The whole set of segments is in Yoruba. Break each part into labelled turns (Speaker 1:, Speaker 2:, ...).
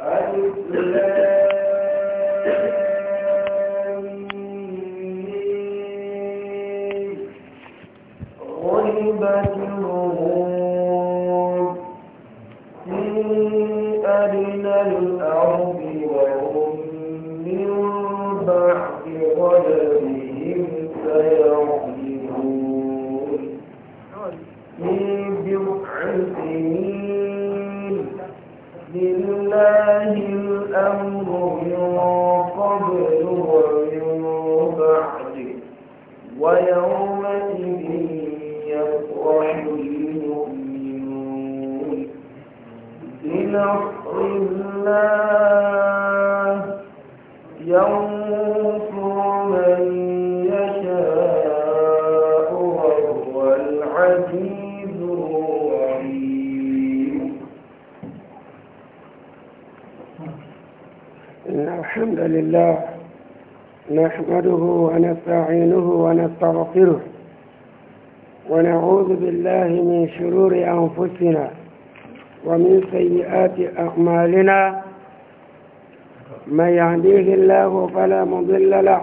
Speaker 1: Alif Lam
Speaker 2: سيئات أعمالنا من يهديه الله فلا مضل له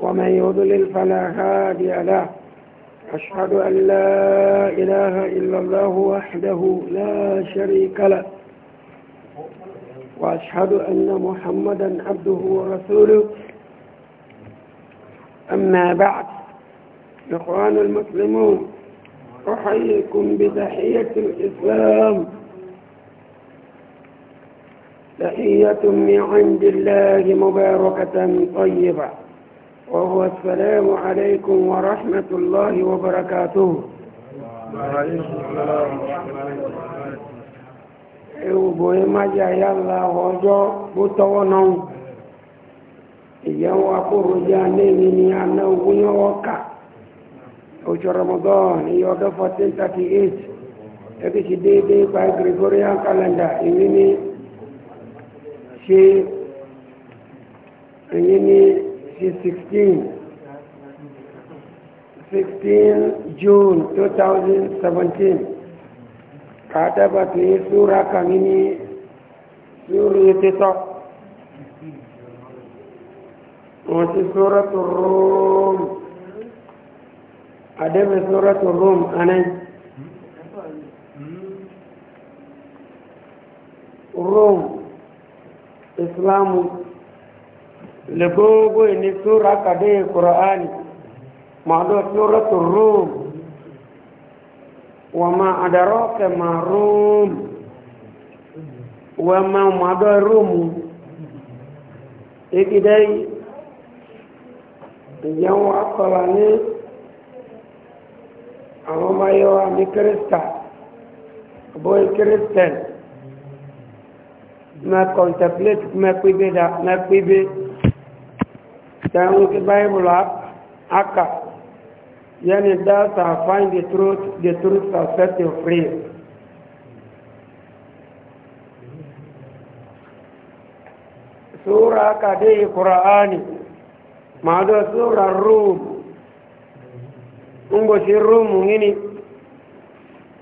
Speaker 2: ومن يضلل فلا هادي له
Speaker 1: أشهد أن لا
Speaker 2: إله إلا الله وحده لا شريك له وأشهد أن محمدا عبده ورسوله أما بعد إخوان المسلمون أحييكم بتحية الإسلام
Speaker 1: تحية من عند الله مباركة طيبة وهو السلام عليكم ورحمة الله وبركاته
Speaker 2: Ewùgbò ìmájà yálà ọjọ́ bó tọwọ́ náà. Ìyàwó akóròjá lẹ́ni ni a náà ọkà. Oṣù Ramadan ní ọdọ́
Speaker 1: 1438, ẹgbẹ́ ti déédéé by Gregorian calendar ìwé ní ṣe èyí ní ṣe 16
Speaker 2: sixteen
Speaker 1: june two
Speaker 2: thousand seventeen kà á dábàá tó yẹ súra kàmí ní súra yẹ tẹ́tọ́. wọ́n ti súra tó rọ́ọ̀mù àdẹ́bẹ̀ súra tó rọ́ọ̀mù anáyìí. Rome ìsìláàmù lè gbogbo ìní súra kàdé kùrọ̀ánì màdó súra tó róòmù wọ́n máa àdàrọ́ kẹ̀ máa róòmù wọ́n máa màdó róòmù ìkìdẹ́ ìyẹ̀wò akọ̀là ní àwọn ọmọ yẹwà ní kírísítà àbọ̀ ma contemplate ma kpebe da ma kpebe ta nwoke bible aka yani that shall find the truth the truth shall set you free
Speaker 1: sura aka dai qur'ani
Speaker 2: ma do sura rum ngo si rum ngini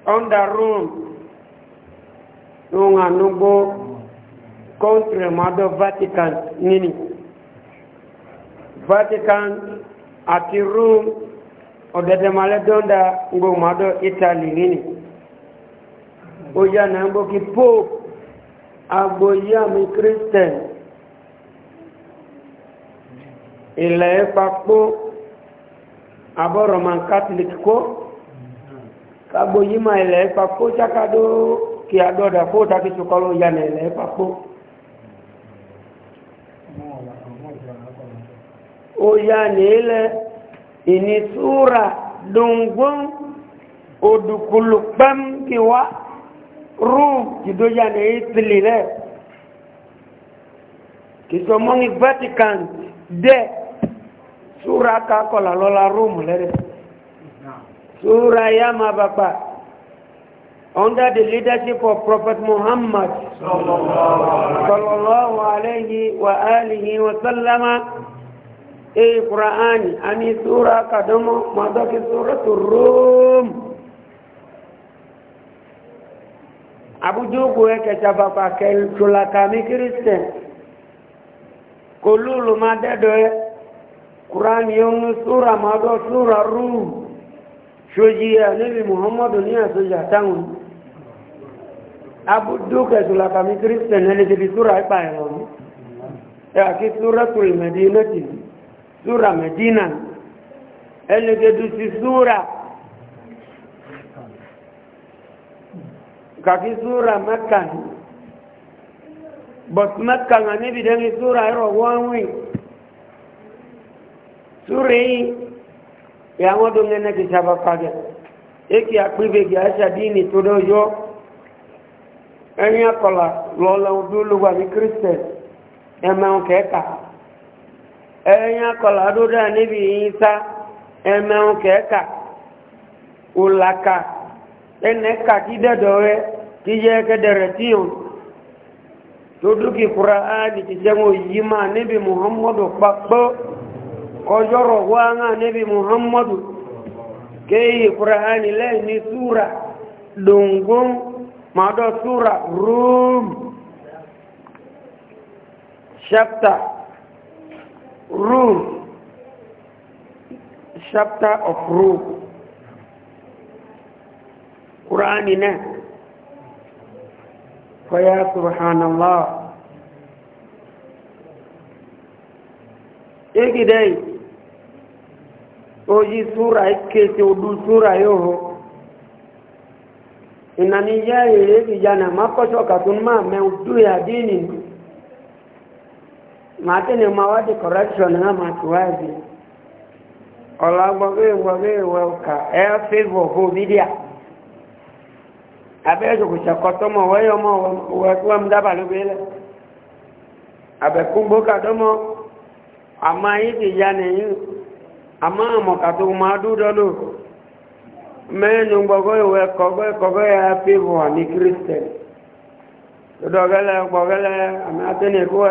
Speaker 2: on the room nunga nungo kọ́ńtìrì mọ́dọ̀ vatican nínú vatican àti rome ọ̀dẹ̀dẹ̀mọ́lẹ́ dọ́ndà ngbò mọ́dọ̀ italy nínú ó yà náà ń gbókí pope agboyàmí christian ilẹ̀ ìpapò abọ́ roman catholic kó kagboyìmọ̀ ilẹ̀ ìpapò sákàdó kí adọ́dà kó dákìtù kọ́lọ́ yà ní ilẹ̀ ìpapò. ya nile ini sura dungun odukulu pam kiwa rum kido ya ne itili le kisomongi vatican de sura ka kola lola rum lere sura ya mabapa under the leadership of Prophet Muhammad sallallahu alayhi wa alihi wa sallama ee qur'ani ani sura kadomo madoki suratu rum abujuku eke chapapa kel tulakami kristen kolulu madedoe qur'ani yonu sura mado sura rum soji anabi muhammadu ni asoja tangun abujuku tulakami kristen ẹni ti fi sura ipa ẹ̀rọ Ya ẹ̀ àti sura tulmẹ̀dínẹ́tì ni sura medina elegedusi sura kaki sura makka but makka nga nebi dengi sura ero wanwi sura hii ya ngodo ngene kisaba kage eki akpibe gi asha dini todojo enya kola lola udulu wa ni kristen ema onkeka ẹ̀yìn akọ̀lá dúdú níbi ìyínsá ẹ̀mẹ̀hún kẹ́ẹ̀kà òlàkà ẹnẹ́kà kí dẹ̀dọ̀ rẹ kí yẹ kẹ́dẹ̀rẹ̀ tí yàn tó dúkì kura áàdì ti jẹun yìí máa níbi muhammadu papọ̀ kọjọ́rọ̀ wáhán níbi muhammadu kéyì kura áàdì lẹ́yìn súra dùngún màdọ̀ súra rúùmù chapter rule chapter of rule qur'ani ne faya subhanallah egi dai oji sura ikete odu sura yoho inani yaye egi jana makosoka tun ma me udu ya dini matene mawadi correction ha matuwazi olagwagwegwageweuka efivo kuvidia abejo kuchakotomo weyomo wekuwa mdabalubile abekumbuka domo ama hivi yani ama mokatu madudolu menu gbogoewe kogoekogoe afivo ami kristen dodogele gbogele ami atene kuwe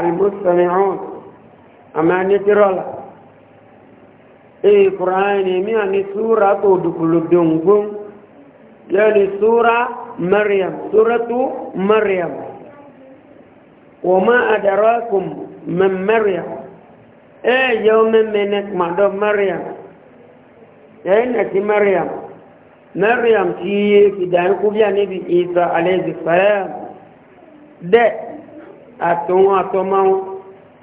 Speaker 2: المستمعون أما نترى إيه قرآن يعني سورة دخل الدنقم يعني سورة مريم سورة مريم وما أدراكم من مريم إيه يوم منك مدو مريم يعني مريم مريم في في دانكو بيا نبي إيسى عليه السلام ده àtòun àtọmọ́un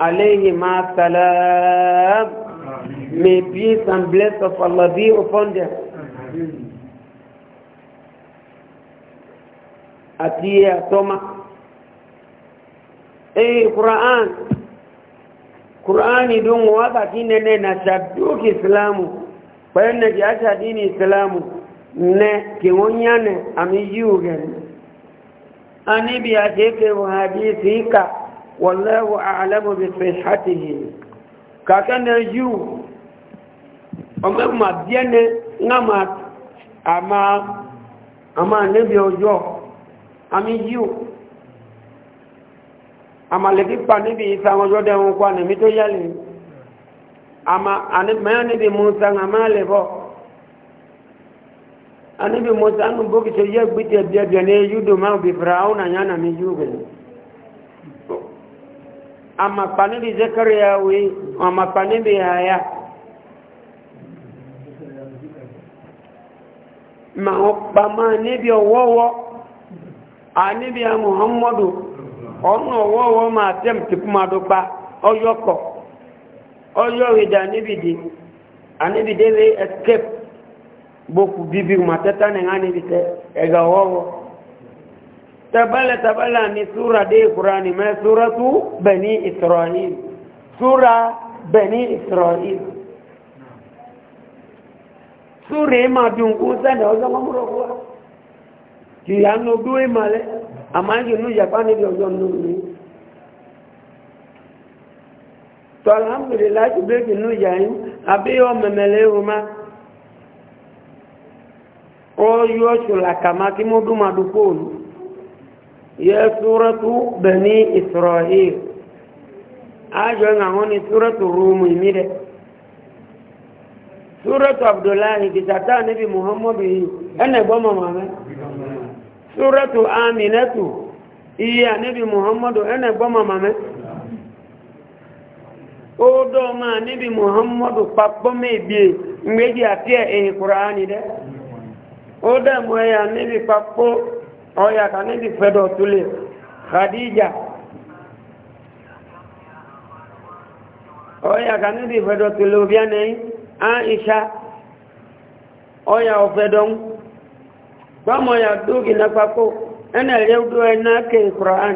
Speaker 2: aléyìn máa sàlẹ̀ may peace and bless of Allah be upon them àti àtọ́mà èyí kùrán kùrán ìdún wọ́n bàtí nẹ́nẹ́ na ṣàdúkì islamu pẹ̀lú nẹ́jì aṣàdínì islamu nẹ́ kí wọ́n yánẹ̀ àmì yíò gẹ̀rẹ̀ anibi ajeke wa hadithi ka wallahu a'lamu bi sihhatihi ka kana ju ome ma biene ngama ama ama nebi ojo ami ju ama le pa nebi isa ojo de won kwa ni mi to yale ama ani anibi musa anu boki so ye gbite bia bia ne yudo ma bi brauna nyana mi yugo ama paneli zakaria we ama paneli haya ma opa ma nibi owowo anibi a muhammadu ọ̀nà ọwọ́wọ́ máa tẹ́m tí kú máa dọ́gba ọyọ́kọ̀ ọyọ́ ìdá níbìdí àníbìdí escape boku bibiru matata ne ngani bite ega wowo tabala tabala ni sura de qurani ma suratu bani israil sura bani israil sure ma dungu sana ozo mamuro kwa ki yanu duwe male amangi nu japani bi ozo nu ni to alhamdulillah ti be nu yayin abi o memele huma oyo la kama kimudu madukulu ya suratu bani israel ajo ah, ngangoni suratu rumu imire suratu abdullahi kitata nabi muhammadu hii, ene goma mame suratu aminatu iya nabi muhammadu ene goma mame odo oh, ma nabi muhammadu papo mebie mgbeji atia ehi qur'ani de ó dẹ̀mú ẹyà níbi papó ọyà kan níbi fẹ́dọ̀ tó lè khadija ọyà kan níbi fẹ́dọ̀ tó lè obi ẹnẹ́yìn aisha ọyà ọ̀fẹ́dọ̀ ń gbọ́mọ ya dókì náà papó ẹnà ẹ̀rẹ́wdó ẹ̀nà kè kùrán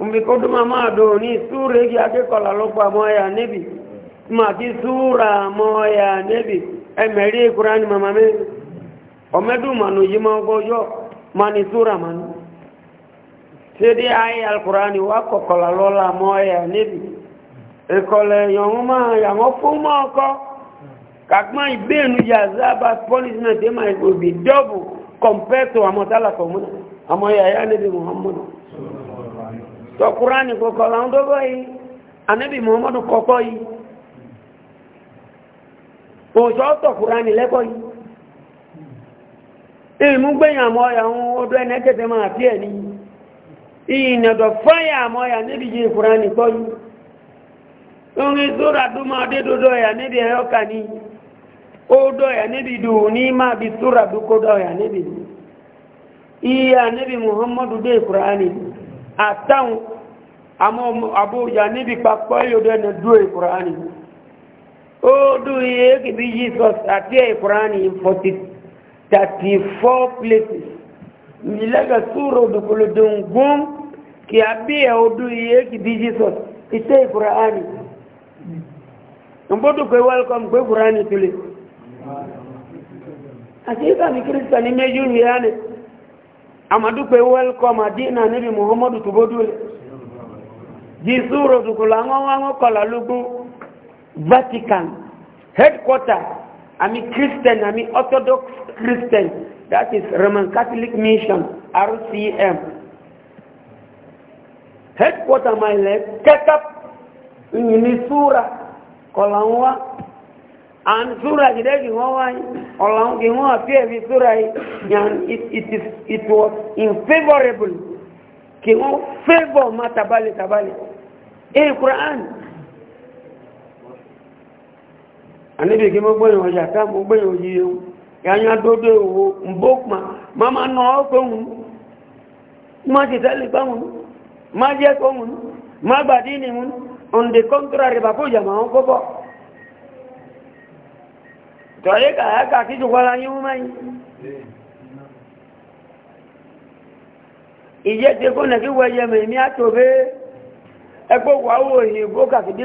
Speaker 2: òmìkódó mamá àdó ní súrè kí akẹ́kọ̀ọ́ lọ́pàá mọ́ ẹyà níbi màkí súrà mọ́ ẹyà níbi ẹ̀mẹ̀rí kùrán mamá mẹ́rin omedu manu yima gojo mani sura manu sidi ayi alkurani wa kokola lola moya nibi ikole yonuma yango fuma oko kakma ibenu jazaba punishment ema it will be double compared to amotala komuna amoya ya nibi muhammad to kurani kokola ndogo yi anabi muhammad kokoi ojo to kurani leko yi ilmu gbẹ̀yàn mọ́ ń odó ẹ̀nà tẹ́tẹ́ máa fi ẹ̀ ìyìnàdọ̀ fáyà mọ́ níbi jí ìfúra nìkọ́ yìí orin sóra tó máa dé dodo ya níbi ẹ̀yọ́ kà ní odó níbi dùn ní máa bi sóra tó níbi níbi muhammadu dé ní àtàwọn níbi yóò ní odó jesus àti e ní 34 places milaga suro dukulu dungum kiambia uduie kibi jesus ite qurani mbodu kwe welcome kwe qurani tuli hakika ni kristo nimejulu yani amadu kwe welcome adina nabi muhammadu tubodule jisuro dukulu ango ango kola lugu vatican headquarters I'm a christian I'm àmì orthodox christian that is roman catholic mission rcm headquarter my left, kẹta up in kọ̀làwọ́n wá and súra jìdẹ́ kì wọ́n wáyé ọ̀làwọ́n kì wọ́n àfi ẹ̀mí súra and it, it, is, it was unfavorable kì wọ́n favour ma tabale tabale eh quran anibi ke mo gboyin oja ka mo gboyin oji ewu yanya dodo ewu mbokma mama na ọkọ ohun ma ti tẹ́lẹ̀ pa wọn ma jẹ́ kọ́ wọn ma gbàdí ni wọn on the contrary bàbá òjà ma wọn kọ́bọ̀ tọ́lé kàá kà kí jùkọ́ la yín wọ́n máa yín ìjẹ́ ti kó nà kí wọ́n yẹ mẹ́mí àtòbé ẹgbẹ́ wàá wò yìí bó kàkìdí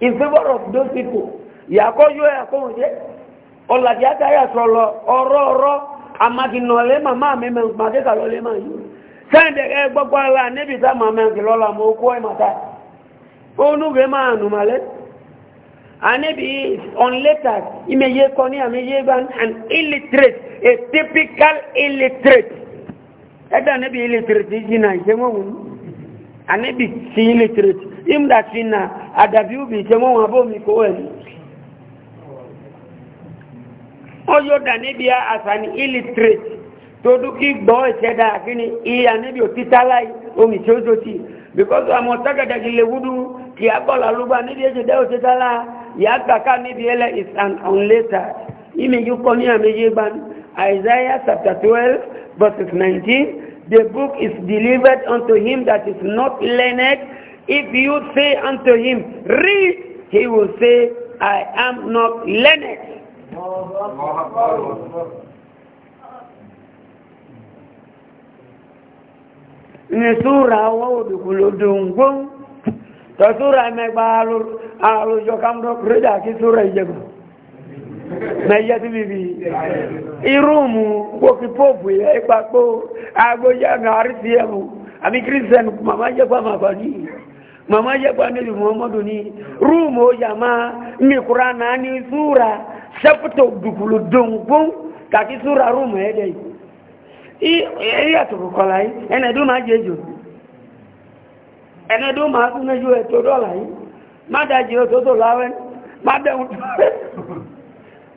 Speaker 2: in favor of those people yàkọ́ yóò yàkọ́ wọ́n jẹ́ ọ̀làjì àtàrí àsọ̀lọ̀ ọ̀rọ̀ ọ̀rọ̀ àmàkìnà lẹ́mà máa mẹ́mẹ́ màkẹ́kà lọ lẹ́mà yìí sẹ́ǹdẹ̀ ẹ gbọ́gbọ́ ara níbi tá màá mẹ́kì lọ́la mọ́ kó ẹ̀ màtá onúgbẹ́ máa nù màlẹ́ àníbi on letters ìmẹ̀yẹ kọ ní àmẹ́yẹ gbá an illiterate a typical illiterate ẹ̀dá níbi illiterate yìí náà ìṣẹ́ wọ́n wù anibi si illiterate im that fi na adabi ubi jẹmọ́ wọn abọ́ mi kó wẹ̀ ní ọjọ́ dà níbi àṣà ni illiterate tó dúkì gbọ́ ìṣẹ́dá kíni iye anibi òtítà láì omi tí ó tó ti because àmọ́ tágàdàgì lè wúdú kì á bọ́lá lúgbà níbi èṣèdá òtítà láà yà á gbàká níbi ele is an unlater ìmẹ̀jú kọ́ ní àmì yé isaiah chapter twelve verse nineteen the book is delivered unto him that is not learned. If you say unto him, read, he will say, I am not learned. ní súra ọwọ́ òdùkúlò dùngbóhùn tọ́súra mẹ́gbà àrùjọ kámdọ́ kúrẹ́dà kí súra ìjẹgbà mẹ́yẹ́ tí bíbí irúùmù gbókí pọ́ọ̀pù yẹ ìpapò agbóyàmì rcm àmì kírísẹ̀nù màmá jẹ́pà màbà ní màmá jẹ́pà níbi muhammadu ní rúùmù ó yà máa mìkúra náà ní súra sẹ́pùtò dùkùlù dùnkún kàkí súra rúùmù ẹ̀dẹ̀ yìí ìyàtọ̀ kọ̀ọ̀lá yìí ẹnẹ̀dún máa jẹ́ jù ẹnẹ̀dún máa tún ẹjọ́ ẹ̀tọ́ dọ́là yìí má dájì ó tó tó láwẹ́ má bẹ̀rù tó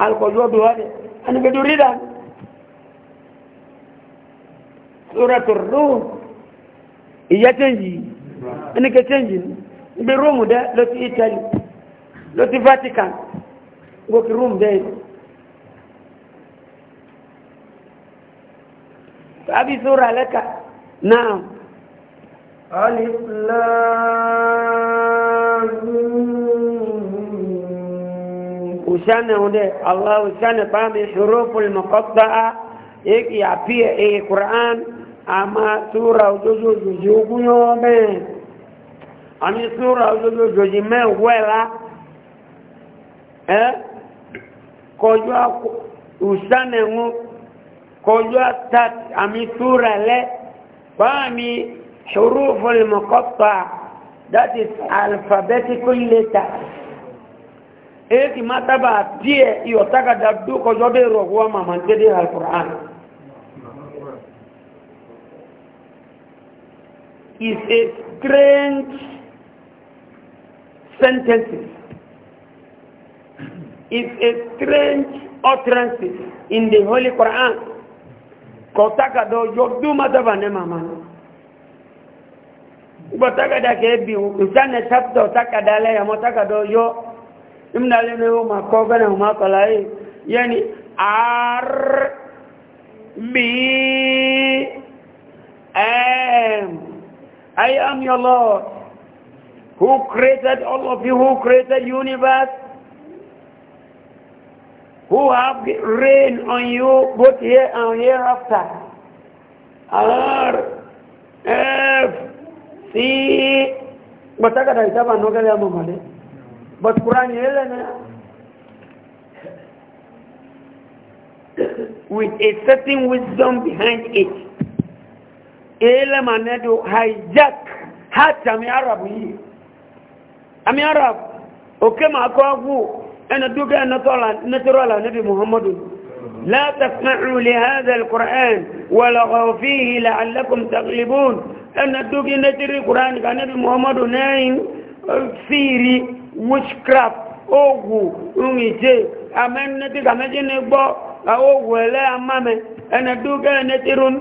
Speaker 2: alkọjọ́ bí wọ́n ni a ní gẹ́jọ́ rí dáa sórẹ̀tọ̀ rúù ìyẹ́ tẹ́jì ẹnikẹ́ tẹ́jì níbi rúùmù dẹ́ ló ti italy ló ti vatican gòkè rúùmù dẹ́ tàbí sórẹ̀ alẹ́ka
Speaker 1: náà alìsìláàmù
Speaker 2: ushane unde Allah ushane pami huruful muqatta'a iki apia e Qur'an ama sura ujuzu jujugu yome ani sura ujuzu jujime wela eh kojua ushane ngu kojua tat ami sura le pami huruful muqatta'a that is alphabetical letter eti mataba tie iyotaka dabdu ko jode rogwa mama tede alquran is a strange sentence. is a strange utterance in the holy quran kotaka do joddu mataba ne mama ubotaka da ke bi usane chapter dale ya motaka do yo imna lene o ma ko gane o ma kala yi yani r b m i am your lord who created all of you who created universe who have rain on you both here and hereafter r f c gbàtàkàtà ìsábà nọ́gẹ́lẹ́ àmọ́mọ́lẹ́ بس قرآن يلنا with a certain wisdom behind it إلا ما ندو هايجاك حتى امي عرب يي أمي عرب اوكي ما أكوافو أنا دوك انا نطلع نترى نبي محمد لا تسمعوا لهذا القرآن ولغوا فيه لعلكم تغلبون أنا دوك نتري القرآن كان نبي محمد ناين سيري witchcraft oògùn nìje amẹ́nẹ́tí kàmẹ́tí ní gbọ́ àwọn oògùn ẹ̀lẹ́ amámẹ́ ẹnẹ dúkẹ́ ẹnẹ tí rún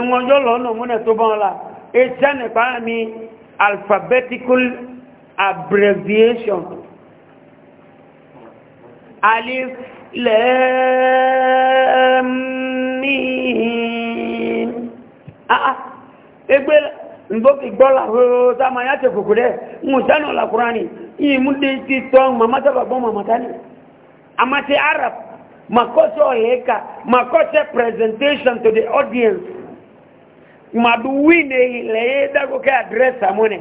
Speaker 2: ìwọ̀njọ́ lọ́nà múnẹ̀ tó bọ́n la ẹ̀ṣẹ́ nípa mi alphabetical abbreviation
Speaker 1: alif lẹ́ẹ̀mí
Speaker 2: ah ah ẹgbẹ́ mboki gbola ho tama yate kukude mutano la Qurani hii mude ti tong mama taba boma matani amate arab makoso heka makoso presentation to the audience maduwine ile da ko ke address amone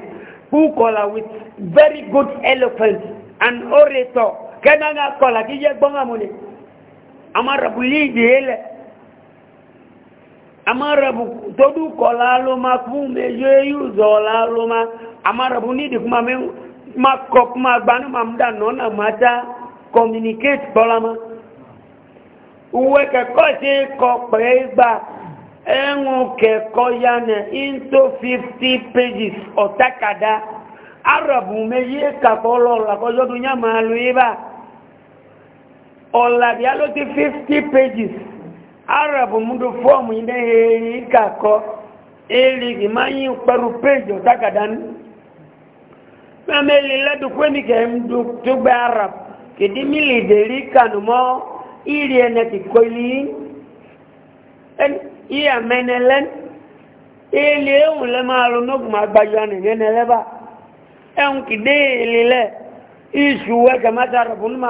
Speaker 2: who call with very good eloquence and orator kenanga kola kije gbonga amone amara bulidi ile amarabu todu kola loma kume yeyu zola loma amarabu nidi kuma me ma kop ma gbanu ma mda nona mata communicate bolama uwe ke ko se ko pregba enwo ke ko yana into 50 pages otakada arabu me ye ka polo la ko yodu nya ma lu iba ola dia lo ti 50 pages arab mdo fọọmụ inde heri ka kọ eligi manyị kparu peji ọtakadan mameli ledukweni ke mdu tugbe arab kedi mili deri kanu mọ ene kikoili iya menelen eli ehun le ma lo nogun ma gbaju anìyẹ nẹlẹ bá ẹhun kìdé arab ma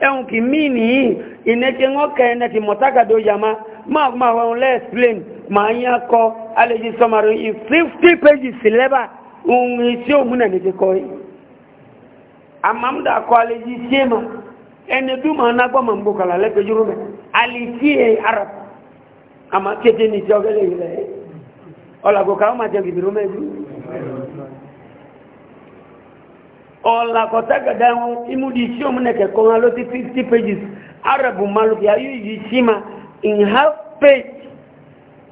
Speaker 2: ẹ̀hùn kì mí nìyí ìnẹ́kẹ́ wọ́n kẹ́ ẹ̀nẹ́ ti mọ̀tákàdó yàmá máa máa wọ́n lẹ́ ma máa ń yá kọ́ alẹ́jì sọmarò in pages lẹ́bà ohun tí òun náà nìkẹ́ kọ́ yìí àmàmdà kọ́ alẹ́jì sèémà ẹni dúmọ̀ anágbọ́ máa ń bò kàlà lẹ́gbẹ̀júrú mẹ́ alìsí ẹ̀ arab àmà kéde yìí ọ̀làkọ̀tàgàdà wọn imúdi tí òun nẹ̀kẹ̀ kan 50 pages a maluki ayé yìí sí ma in half page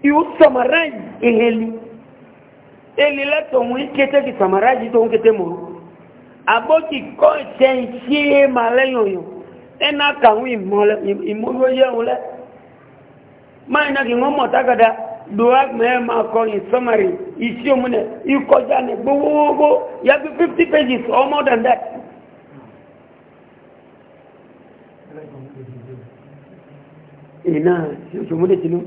Speaker 2: you summarize iheli eli lẹ́tọ̀ wọn kété kí summarize kete ń kété mọ́ abókì kọ́ ìtẹ́ ìṣe ma lẹ́yìn ọ̀yọ́ ẹ̀nà kàwọn ìmọ̀ ìmọ̀ yóò yẹ òun máa ń nàkì duwak mẹ́ẹ̀ máa kọ ìsọ́mọ̀rì iṣẹ́ òmìnà ikọjá ní gbogbogbò ya bí 50 pages or more than that ìná ṣoṣo múdé tínú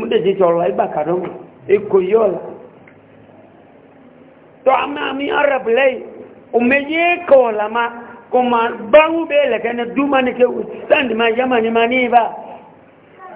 Speaker 2: múdé tí ṣọ̀rọ̀ ìgbà kàdọ́mù ikò yóò là tó a máa mi arab lẹ́yìn òmèyé kọ̀ọ̀lá ma kò máa báwú bẹ́ẹ̀ lẹ̀kẹ́ ní dúmọ́ ní kí wù stand ma yamani ma ní ibà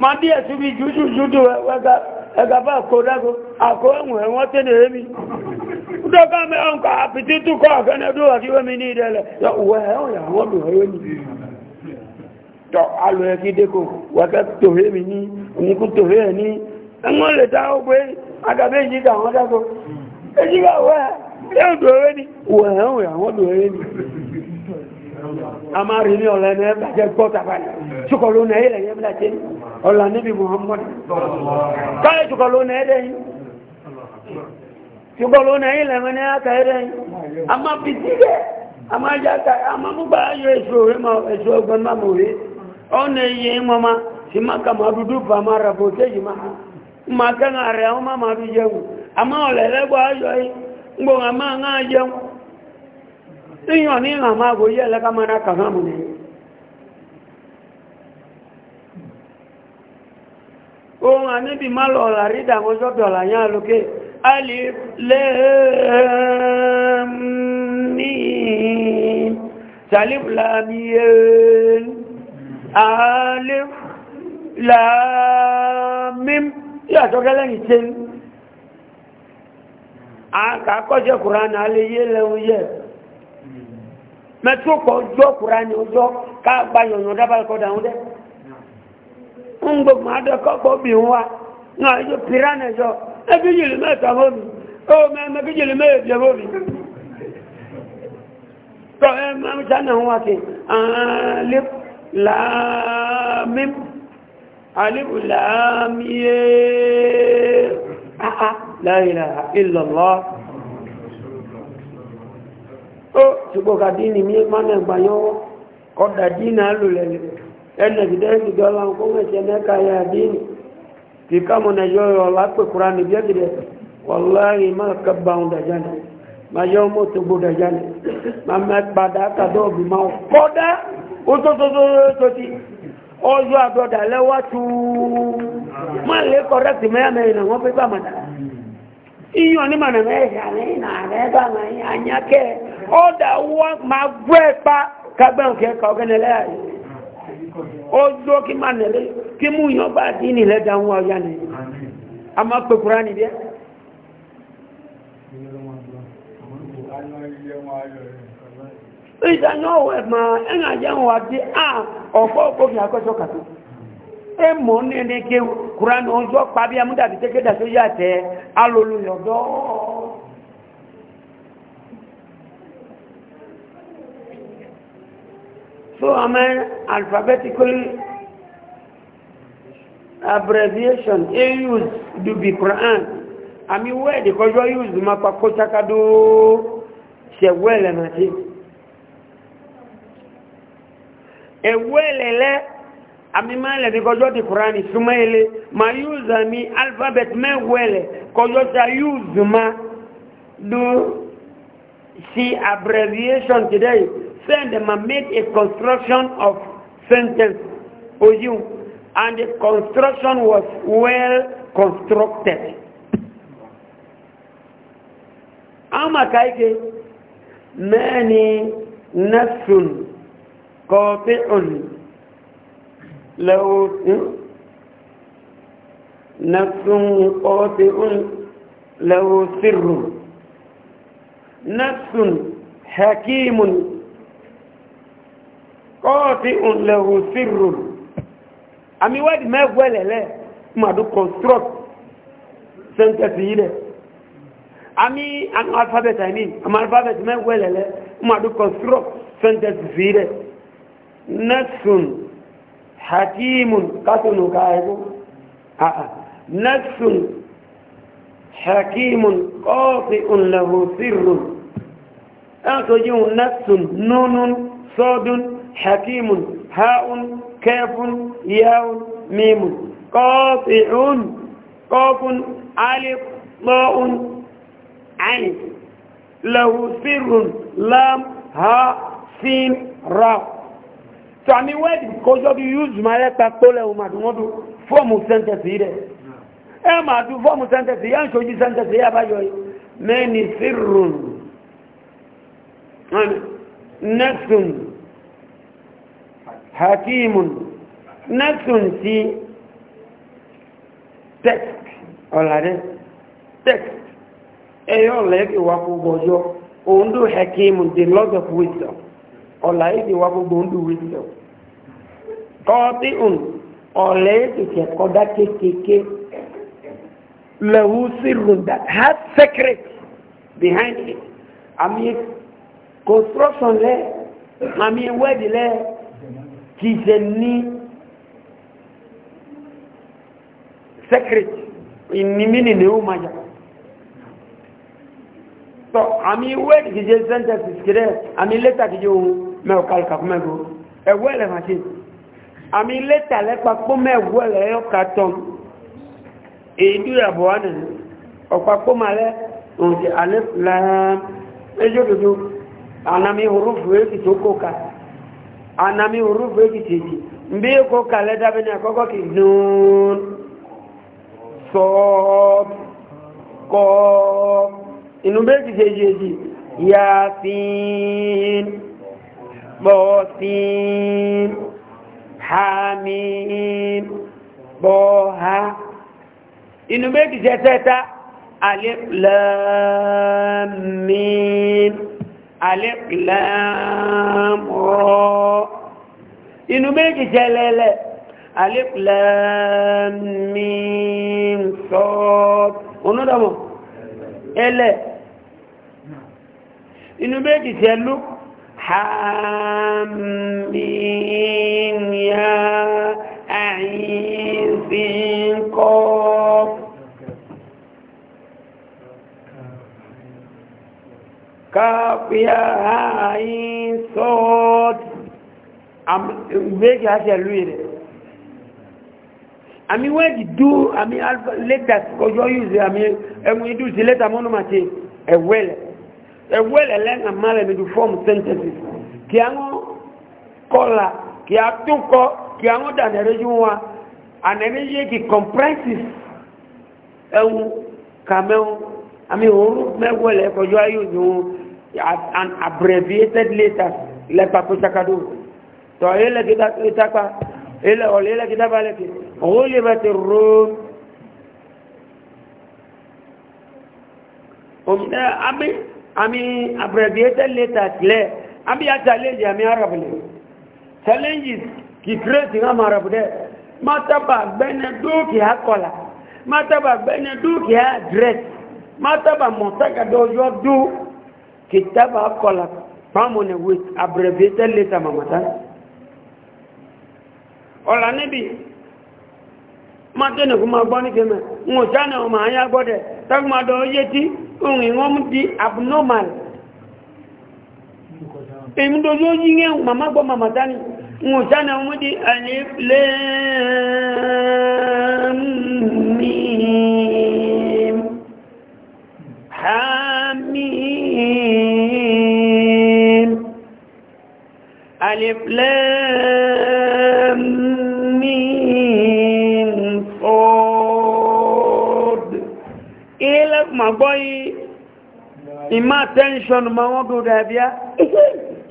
Speaker 2: ma bí ẹ̀sùn bí jújù jújù ẹgbàbá àkódágó àkóhùn ẹ̀wọ́n tí ní èmi dọ́gbà mẹ́wọ́n kọ àpìtí túkọ́ àfẹ́nẹ́dó àti wẹ́mi ní ìdẹ́lẹ̀ wẹ́ ẹ̀wọ̀n yàwọ́n lò ni tọ́ alò ẹ̀kí dékò wẹ́kẹ́ tòhé mi ní oníkú tòhé ẹ̀ ní ẹ̀wọ́n lè ta ó pé agàbé yìí dà wọ́n dákò èyí wà wẹ́ ẹ̀wọ̀n lò ni wẹ́ ẹ̀wọ̀n yàwọ́n lò ẹ̀wọ́n ni a máa rí ní ọla níbi muhammadu káyẹ̀ tukọ̀ ló nà ẹ́dẹ̀ yìí tukọ̀ ló nà yìí lẹ́mẹ́ ní àkà ẹ́dẹ̀ yìí a máa fi sílẹ̀ a máa jẹ́ àkà a máa mú báyọ̀ èso ọgbọ̀n máa mọ̀ rí iye kà dúdú bà rà yìí ohun àníbì má lọ ọ̀là rí ìdàmọ́jọ́ dọ̀là yán lókè alif lam mim salif lam mim alif lam mim yàtọ́gẹ́lẹ́yìn tí àkàkọ́jẹ́ kùránà alẹ́ yé lẹ́un yẹ mẹ́tùkọ̀ ọjọ́ kùránà ọjọ́ ká gbáyọ̀yàn dábàkọ́dà ń dẹ́ ń gbogbo adọ́kọ́gbọ́ bí wá náà ẹjọ́ piranẹjọ́ ẹgbẹ́jìlì mẹ́ta hómi ó mẹ́gbẹ́jìlì mẹ́ẹ̀bẹ̀ hómi tọ́ ẹ e, mẹ́mẹ́sánà wá sí alif láàmìm alif láàmìyẹ àà láìlà ìlọ̀lọ́ ó ṣùgbọ́n kàdí ni mí ọ̀dà dínà lò lẹ́lẹ́ ẹnna bi dẹ́yìn ti dọ́là ńkọ́ wọn ẹ̀jẹ̀ mẹ́ka yà dín kì í kàmú nà yọ yọ lápẹ̀ kura ní bí ẹ̀gidẹ̀ wàláyé má kà bá wọn dàjà ní má yọ ọmọ tó gbó dàjà ní má mẹ́ padà kàdọ́ ọ̀bì má kọ́ dá ó tó tó tó tó ti ọjọ́ àdọ́dà lẹ́wà tún má lè kọ́rẹ́tì mẹ́yàmẹ́ ìnà wọn pé bá màdà iyọ̀ ní màdà mẹ́yà ní ìnà bá mà ń ọjọ́ kí máa nẹ̀lẹ́ kí mú yàn bá dí ní lẹ́dà wọn ọ̀yá ni a máa pè kúrá ní bí ọ̀wọ̀ ẹ̀mà ẹ̀nà jẹun wà dí à ọ̀pọ̀ òkòkì akọ́ṣọ́ ẹ mọ̀ ní ẹni kí kúrá ọjọ́ pàbí tẹ́kẹ́dà tó So I mean alphabetically abbreviation a use do be Quran. I mean where the cause you use mapa kochaka do she well energy. E welele ami mele ni kojo di Qurani sumele ma use ami alphabet me wele kojo ta use ma do si abbreviation today Then they made a construction of sentence for you. And the construction was well constructed. Ama kaike nafsun qati'un law hmm? nafsun qati'un law sirrun nafsun hakimun kọ́ọ̀tí òǹlẹ̀hù sírò àmì wádìí mẹ́gbẹ̀lẹ̀lẹ̀ màdù construct sentence yìí dẹ̀ àmì àwọn alphabet i mean àwọn alphabet mẹ́gbẹ̀lẹ̀lẹ̀ màdù construct sentence yìí dẹ̀ nẹ́sùn hakimun kásùnù káàkó nẹ́sùn hakimun kọ́ọ̀tí òǹlẹ̀hù sírò ẹ̀ حكيم هاء كاف ياء ميم قاطع قاف ألف ضاء عين له سر لام ها سين را sàmì wẹ́ẹ̀dì kọjọ́ bí yúùsù máa rẹ́ta tó lẹ́wọ̀n máa dùn wọ́n dùn fọ́ọ̀mù sẹ́ńtẹ̀sì rẹ̀ ẹ máa dùn fọ́ọ̀mù sẹ́ńtẹ̀sì yá ń ṣojú sẹ́ńtẹ̀sì yá báyọ̀ mẹ́ni sírùn nẹ́sùn hakimun nafsun ti text ọ̀làdẹ́ text ẹyọ ọ̀làdẹ́ ìwà gbogbo ọjọ́ òun dò hakimun the lord of wisdom ọ̀làdẹ́ ìwà gbogbo òun dò wisdom kọ́ọ̀tí ùn ọ̀làdẹ́ ìkẹ́kọ̀ọ́dá kékeré lẹ́wù sírùn that has secret behind it àmì construction lẹ́ àmì wedding lẹ́ tí í ṣe ní secret ìnímínì ni So ami jà tọ́ àmì word kìí ṣe sentences kìí àmì letter kìí ṣe ohun mẹ́wọ̀ kálùkà fún mẹ́gbọ́ ẹ̀wọ́ ẹ̀lẹ̀ máa ṣe àmì letter lẹ́pa pọ́ mẹ́wọ́ ẹ̀lẹ̀ ẹ̀yọ́ ká tọ́ èyí dúyàbọ̀ wà nìyí ọ̀pá pọ́ máa lẹ́ òun ti alif lam ẹjọ́ dodo ànàmì hurufu èyí tó kó ka anami urufu ekititi mbi ko kaleta bene akoko ki nun sob ko inumbe ekititi yasin bosin hamim boha inumbe ekititeta alif lam mim alif lam ra inú méjì jẹ́lẹ́lẹ̀ alif lam mim sad onúdọ̀mọ̀ ẹlẹ̀ inú méjì jẹ́lú
Speaker 1: hamim ya ayin sin
Speaker 2: káfíà ààyìn sọ́ọ̀tì ìgbégi àṣẹ lóye rẹ̀ àmì wẹ́ẹ̀dì dú àmì lẹ́tà kọjọ́ yìí àmì ẹmú idú sí lẹ́tà mọ́nà màtí ẹ̀wẹ́lẹ̀ ẹ̀wẹ́lẹ̀ lẹ́nà mọ́lẹ̀ mi dù form sentences ki a ń kọ́là kí a tún kọ́ kí a ń dà nẹ̀rẹ́jú wa ànẹ̀rẹ́jú kì comprises ẹ̀wù kàmẹ́wù àmì òórùn mẹ́wẹ́lẹ̀ kọjọ́ yìí an abbreviated letters lepa kuchakadu to ile kitapa e ile ole ile kitapa leki ghulibat ar-rum umna eh, ami ami abbreviated letters le abi ya challenge ami arab le challenges ki create ngam arab de mataba bene duki hakola mataba bene duki address mataba motaka dojo du kitabu kola pamone with abbreviated letter mamata ola nibi ma tene kuma gbọ́ ní kẹmẹ́ wọn sáànà ọmọ àyà gbọ́dẹ̀ tọ́gbọ́dọ̀ oyé tí ohun ìwọ́n mú di abnormal ìmúdójú e yí ní màmá gbọ́ màmá tani. wọn sáànà ọmọ di alif
Speaker 1: ألف لام ميم
Speaker 2: صاد إلك ما بوي إما تنشن ما وقو دابيا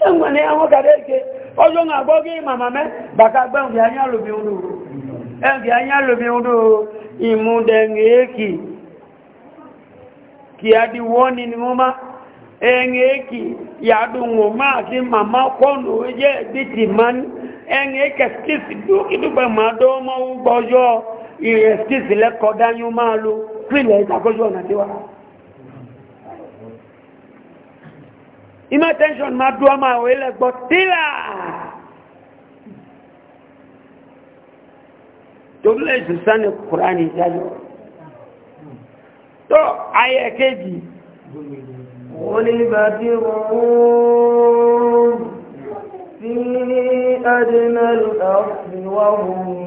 Speaker 2: ẹ̀wọ̀n ni àwọn kàdé ìké ọjọ́ ń àgbọ́ gí màmá mẹ́ bàtà gbẹ̀mùbí ayá lòmí oòrùn ẹ̀mùbí ayá lòmí oòrùn ìmúdẹ̀rìn èkì kí a di wọ́n ni ni wọ́n má ẹ̀rìn èkì yàdùnwò máa sí màmá kọ́nù jẹ́ bí ti máa ní ẹni ẹkẹ̀skìsì dúkìdúgbẹ̀ máa dọ́ ọmọ gbọ́jọ́ ìrẹ̀skìsì lẹ́kọ̀ọ́ dáyún máa lo pílẹ̀ ìtàkójú ọ̀nà tí wà ìmọ̀ tẹ́ṣọ̀n máa dúọ́ máa wẹ́ lẹ́gbọ́ tílà torílẹ̀ ìsùsánì kùránì ìjájọ́ tó
Speaker 1: غلبت الروم في أدنى الأرض وهم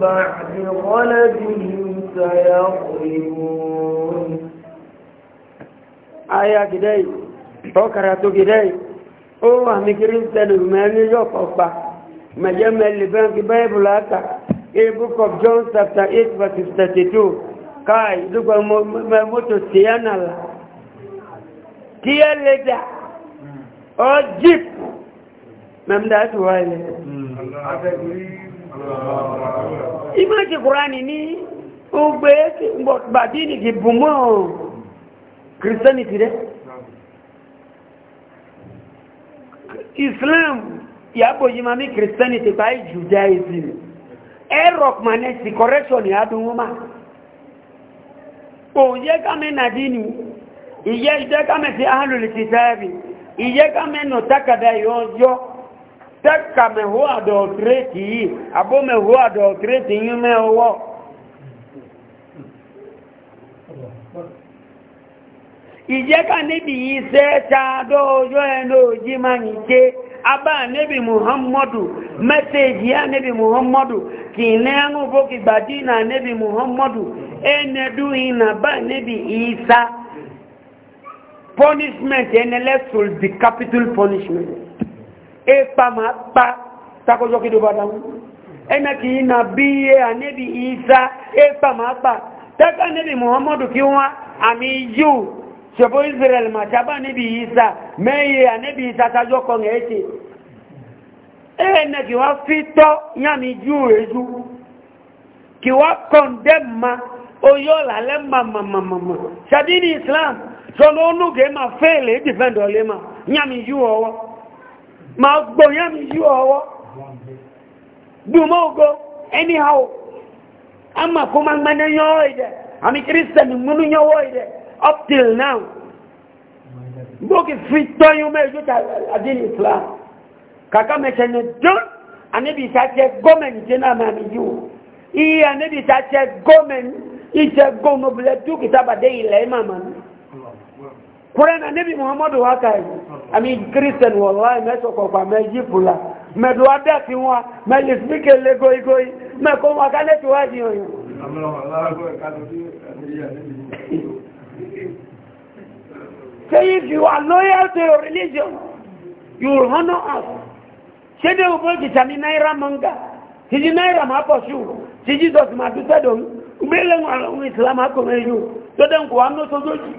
Speaker 1: بعد غلبهم سيغلبون
Speaker 2: آية كده فكرة كده ó wà ní kírísítẹ́nì mẹ́rin yóò kọ̀ọ̀pá mẹ́jẹ́mẹ́lì bẹ́ǹkì báyìbùlù àkà a book of john chapter 8 verse 32 káà ìdúgbà mọ́tò tíyánàlá dear leader hmm. or jeep memda ti wa ile hmm. ima ki qurani ni ugbe ki oh, mbot badini ki bumo christianity de eh? islam ya bo yima mi christianity by judaism error manesi correction ya dunuma o oh, ye kame nadini ìyẹ́ ìjẹ́ kámẹ́ sí ahàlùlì ti sẹ́ẹ̀bì ìyẹ́ kámẹ́ nù tákàdá yọjọ́ tákàmẹ́ hó àdọ̀ yìí àbómẹ́ hó àdọ̀ yìí mẹ́ ọwọ́ níbi yìí ẹnu máa ń muhammadu muhammadu muhammadu e níbi ìsá punishment ẹnẹlẹ sold the capital punishment e pa ma pa takojọ kí ló bá dáhùn ẹnà kì í na bí iye ànẹ́bì ìsá e pa ma pa tẹ́kọ̀ ànẹ́bì muhammadu kí wọ́n àmì yíò ṣẹ̀bọ́ israel mà sábà ànẹ́bì ìsá mẹ́yẹ ànẹ́bì ìsá tajọ́ kan ẹ̀ ṣe ẹnà kì wọ́n fi tọ́ yàmì yíò èjú kì wọ́n condemn ma oyó làlẹ́ mamamamama ṣàdí ní islam sọ́nà olùgẹ́ máa fẹ́ẹ̀lẹ̀ dìfẹ́ndọ̀ lé máa yàmì yú ọwọ́ ma gbọ́ yàmì yú ọwọ́ dùmọ́ ogo anyhow a ma kó ma gbẹ́nẹ́ yọ́wọ́ ìdẹ̀ àmì christian múnú yọ́wọ́ ìdẹ̀ up till now gbókè fi tọ́yún mẹ́jọ àdín islam kàkà mẹ́sẹ̀ ní dùn àníbi ìtàjẹ gómẹ̀ntì jẹ́ náà ma mi yú iye àníbi ìtàjẹ gómẹ̀ntì ìjẹ gómẹ̀ntì dúkìtà bàdé ilẹ̀ ìmàmà mi kurana nabi muhammadu wa kai ami christian wallahi me so ko pa me jipula me do ada ti wa me le speak le goi goi me ko wa ka ne ti if you are loyal to your religion you will honor us ṣe de o bogi tani naira manga tiji naira ma po su ti jesus ma du tedon gbele wọn islam akọrin yóò tó dẹ́nkù tó lójú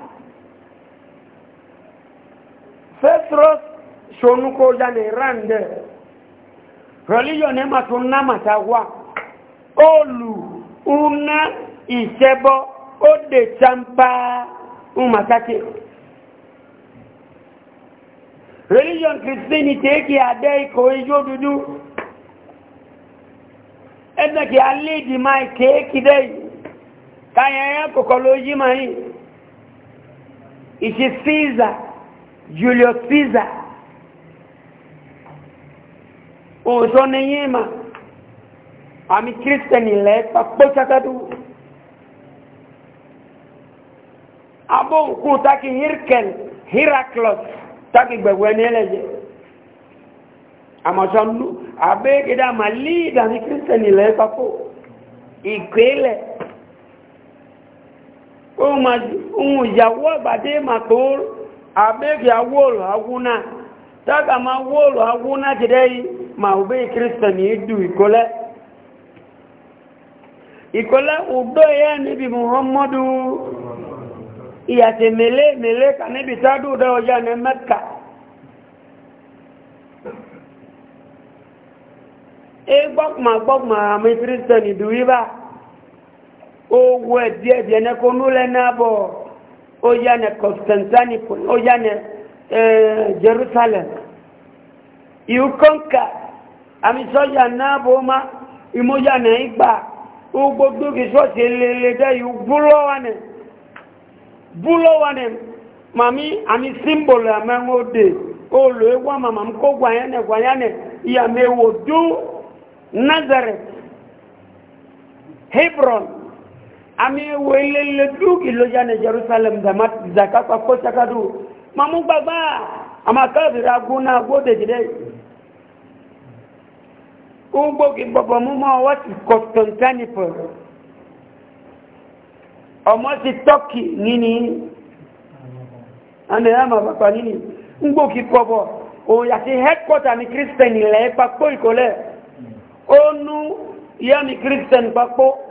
Speaker 2: petros sonuko jane rande religion e matuna matawa olu una isebo ode champa umatake religion christianity eki adai ko ijo dudu ẹgbẹ́ kí a lè dì máa kéèkì dẹ́ káyẹ̀yẹ́ kòkòrò yí máa yìí ìṣe caesar julius caesar òòjọ́ ni yín mà àmì kírísítẹ̀nì ilẹ̀ pàpọ̀ ṣakadú abóhùnkú tákì hirkel heraclus tákì gbẹ̀gbẹ̀ ẹni ẹlẹ́yẹ àmọ̀ṣọ́nú àbẹ́gẹ́dá mà líìdà ní kírísítẹ̀nì ilẹ̀ pàpọ̀ ìgbélẹ̀ ohun ìyàwó àgbàdé mà tóóró abegi awolo agwuna taka ma wolo agwuna today ma ube kristo ni idu ikole ikole udo ya nabi muhammadu iya temele mele ka nibi tadu udo oja ne makka e gbogma du ami kristo ni duwiba owo ẹ̀díẹ̀díẹ̀ ẹnẹ́kọ́ ní ó lẹ́nà bọ̀ ó yá constantinople ó yá eh, jerusalem ìhú kọ́ńkà àmì sọ́jà náà bó má ìmójà náà ìgbà ó gbogbo Mami sọ́ọ̀sì lélẹ́dẹ́ ìhú búlọ́wánẹ̀ búlọ́wánẹ̀ màmí àmì símbòlù àmẹ́wò dè olù nazareth hebron ami welele du kilo ne jerusalem zamat zaka kwa kosa kadu mamu baba ama kavira guna gode jide ugbo ki baba mu ma wati constantinople omo si toki nini ande ama papa nini ugbo ki kobo o ya si headquarter ni christian ile pa ko ikole onu ya ni christian bako.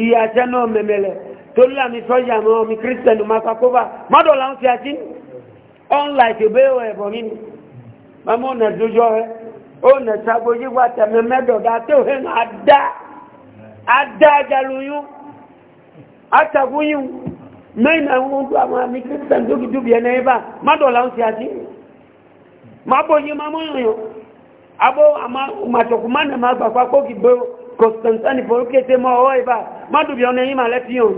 Speaker 2: ìyá àjẹ́ náà mẹ́mẹ́lẹ̀ torí àmì sọ́jà àwọn ọmọ kírísítẹ̀nù máa kakóbà mọ́dọ̀ làwọn fi àti unlike ìbéwò ẹ̀bọ̀ nínú mọ́mọ́ ọ̀nà ìdójọ́ rẹ̀ ó nà sagojú wà tẹ̀mẹ́ mẹ́dọ̀dá tó hẹ́ nà dá adá ajalóyún àtàkùnyún mẹ́rin àwọn ojú àwọn àmì kírísítẹ̀nù dókítúbì ẹ̀ náà bá mọ́dọ̀ làwọn fi àti mọ́bọ̀nyí mọ́dù bí ọ̀nà yí máa lẹ́tí yàn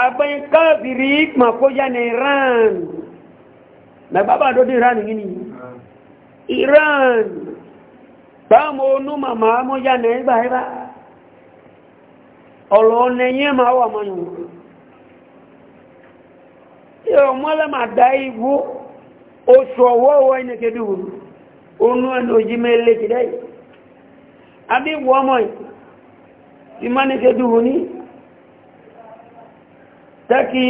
Speaker 2: àgbẹ̀yìn káàkiri ìpìmọ̀ kó yá ní iran mẹ́gbàbà tó dín iran yìí ni iran báwọn onú màmá mọ́ yá ní ìgbà ìbá ọ̀rọ̀ ọ̀nà yí máa wà mọ́ yàn yóò mọ́lẹ́ máa dá ìwó oṣù ọwọ́ ọwọ́ ẹni kedù onú ẹni òjì mẹ́lẹ́ kìdẹ́yìí àbí ìwọ ọmọ yìí má ní kéjú hù ní tẹ́kì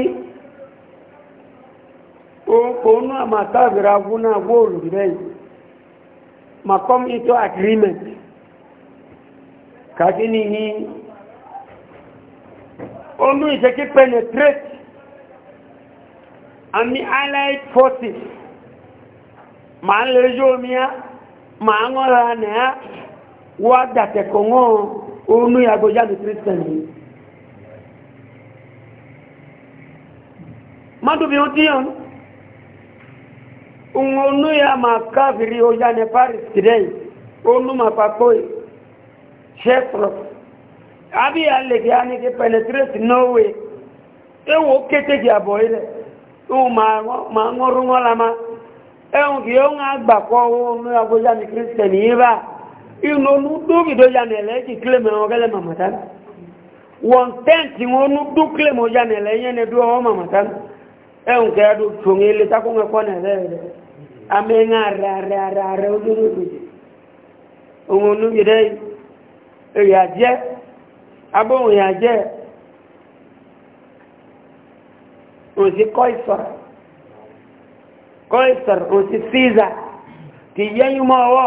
Speaker 2: òkòónú àmà tábìrà fúnà góòlù rẹ̀ ma come agreement kàkí ní yí olú ìṣẹ́kí penetrate àmì allied forces ma ń lè yóò mìíràn ma ń rọra nìyà wọ́n dàtẹ̀kọ̀ wọ́n oòrùn ìyàgbójáde kírísítẹ̀nì mọ́dúnbí ó díyàn oòrùn ìyà máa káàfìrí ojá ní paris today oòrùn máa papọ̀ ṣẹ́fọ̀rọ̀ àbí alẹ́gẹ́ anìkẹ́ penetrate norway ewu kétejì àbọ̀ ilẹ̀ ohun máa ń rún wọ́n lámá ẹ̀hùn kìí ó ń àgbàkọ́ oòrùn ìyàgbójáde kírísítẹ̀nì yìí báà ìlòlú dókìdó yanẹ̀lẹ́ ti kílèmù ẹ̀wọ̀n gẹ́lẹ̀ màmàtá wọn tẹ́ǹtì wọn ní dó kílèmù yanẹ̀lẹ́ yẹn ni dó ọwọ́ màmàtá ẹ̀hùn kẹ́ẹ̀dù tòun ilé takún ẹ̀kọ́ nẹ̀lẹ́ rẹ̀ amẹ́ńà rẹ̀ olóòrùn ohun olóyèdè ìyàjẹ́ abóhùn ìyàjẹ́ òsì kọ́ìsọ̀r kọ́ìsọ̀r òsì fíìzà ti yẹ́yìn mọ́ ọwọ́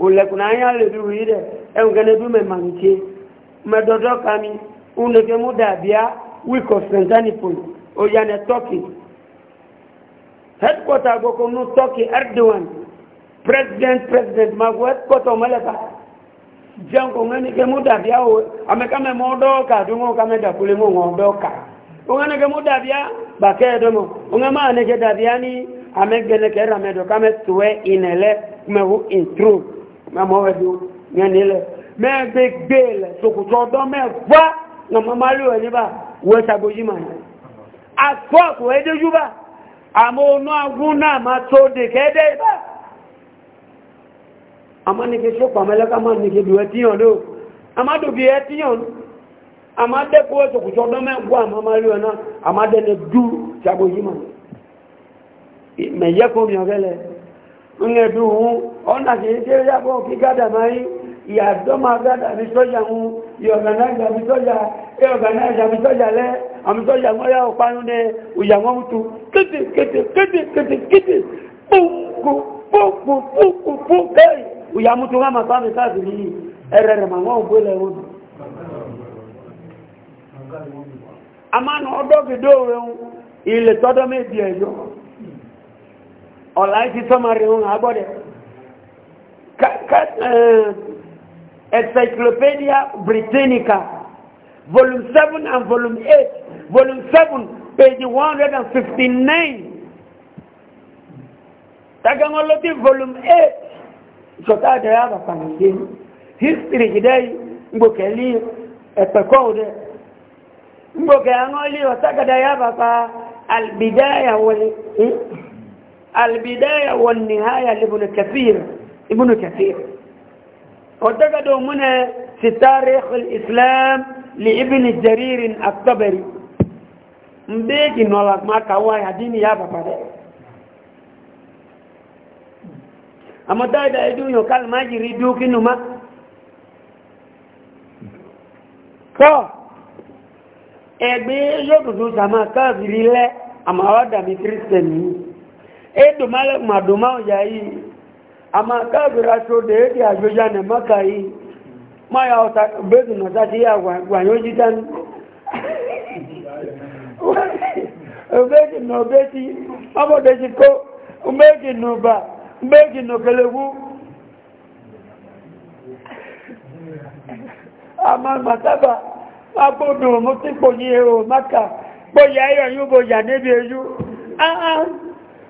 Speaker 2: ulẹ̀kùn ayá lè bí rí rẹ̀ ẹ̀hùnkẹ́lẹ́ bí mẹ́mà ń ké mẹ́dọ́dọ́ kami unlẹ̀kẹ́ mú dàbíá week of centennial oyanẹ turkey headquarter agbókò nú turkey erdogan president president magu headquarter ọmọlẹ́ka jẹun kò ń kẹ́ mú dàbíá o amẹ́kámẹ́ mọ́ dọ́ọ̀kà tó mọ́ kámẹ́ dàkúlẹ̀ mọ́ wọn dọ́ọ̀kà òun kẹ́ mú dàbíá bàkẹ́ ẹ̀dọ́mọ̀ òun máa nẹ́kẹ́ dàbíá ní amẹ́gbẹ̀lẹ́kẹ́ ramẹ́dọ̀ kámẹ́ tòwẹ́ ìnẹ̀lẹ́ mẹ́wó in mẹ́mọ́ rẹ̀ bí yẹn nílẹ̀ mẹ́ẹ̀gbẹ́ gbé ilẹ̀ sòkòtò ọdọ́ mẹ́ẹ̀gbá na mọ́má lò ẹ̀ níbà wọ́n ṣàgbójí mà ní àfọ́ọ̀kù ẹdẹ́jú bá àmọ́ onú agún náà máa tó dè kẹ́ẹ́dẹ́ ibà amánike sọ́pọ̀ amẹ́lẹ́ká máa nìke bí wọ́n tíyàn lò amádòbí ẹ tíyàn amádẹ́kọ̀ọ́ sòkòtò ọdọ́ mẹ́ẹ̀gbá mọ́má lò ẹ̀ náà amádẹ́ni dú ṣàgbójí mà nnedu hu ona kiyete yabo kigada mai ya doma gada mi soja hu yorganize mi soja e organize mi soja le ami soja mo ya opanu ne uya mo mutu kete kete kete kete kete puku puku puku puku hey uya mutu kama pame kazi ni erere ọ̀la ti sọ́mọ̀rì wọn àgbọ́dẹ̀ eh, encyclopedia britannica volume Seven and volume Eight, volume Seven, page One Hundred and Fifty 159 taganwọlọ́dí volume Eight. 8 ṣọ̀tá àdẹ̀rẹ́ àbàpàlẹ̀ history jìdẹ́ gbòkẹ̀lì ẹ̀pẹ̀kọ́ òdẹ́ gbòkẹ̀ àwọn ilé ọ̀tá gada yà bàbá albidaya wọlé البداية والنهاية لابن كثير ابن كثير وتجدوا هنا في تاريخ الإسلام لابن جرير الطبري مبيك إن الله ما كواي هديني يا بابا أما تايدا يدون يقال ما يريدوك إنما ف ẹgbẹ́ yóò tuntun sàmà káàkiri lẹ àmàwádà mi kírísítẹ̀ nìyí edumale maduma ya yi ka kabira to da yake ajoja ne maka yi ma ya ota bezu na ta ti ya gwanyo jitan obegi na obeti ọbọdọ ti ko mbegi na uba na okelegwu amma ah, mataba agbódùn ah. mú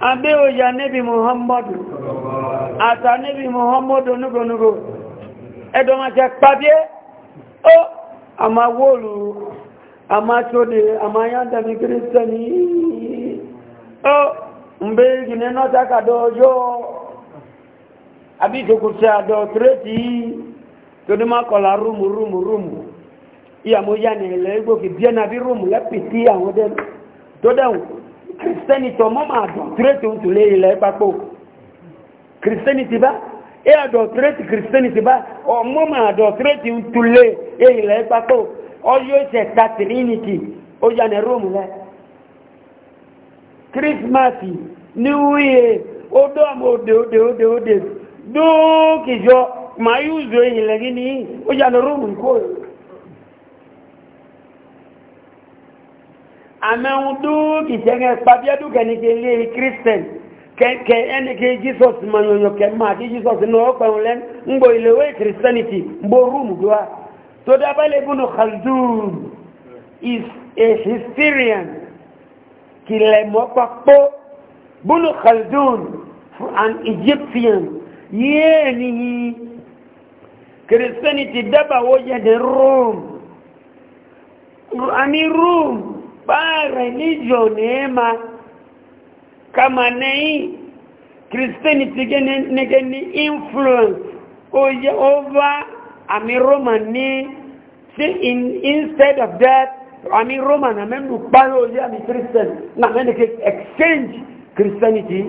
Speaker 2: abe oya nebi muhammadu ata nebi muhammadu nugonugo ẹdọ ma ṣe pàdé ó a ma wóòlù a ma ṣóde a ma yá dàbí kírísítẹ̀nì ó ń bẹ ìgbìnẹ̀ náà takàdọ̀ ọjọ́ àbí ìjòkòtẹ́ àdọ̀ tírẹ́tì tó ní má kọ̀lá rúmù rúmù rúmù ìyàmó yá ní ilẹ̀ igbókè díẹ̀ nàbí rúmù lẹ́pìtì àwọn kìrìsìtẹ́nìtì ọmọ máa dọ̀tírẹ́tì oúnjẹ lè ilẹ̀ pápó kìrìsìtẹ́nìtì bá ẹ àdọ̀tírẹ́tì kìrìsìtẹ́nìtì bá ọmọ máa dọ̀tírẹ́tì oúnjẹ lè ilẹ̀ pápó ọyọ́ ìṣẹ̀ tàtìrínìtì ó yà ní róòmù rẹ̀ kírísímàsì níwúyẹ odó àmọ́ òdè òdè òdè òdè dókìjọ màá yúzọ ilẹ̀ gíní ó yà ní róòmù kóòrò àmẹ́hun dúkì jẹ́gẹ́ pàbíẹ́dù kẹ́nìkẹ́ ilé kírísítẹ̀n kẹ́ ẹnìkẹ́ jesus mọ̀nyọ̀nyọ̀ kẹ́mà àti jesus ní ọ̀pẹ̀hun lẹ́n ńgbò ìlèwé christianity ńgbò rúùmù gbọ́ tó dábẹ́lẹ̀ ibùnú khaldun is a historian kìlẹ̀ mọ́pàpọ̀ bùnú khaldun an egyptian yéè ni christianity dábàwọ́ yẹn ní rome ani rome ba religion neema kama nei christianity gene ni influence oye over ami roman ni see in instead of that ami roman amenu paro oye ami christian na mene ke exchange christianity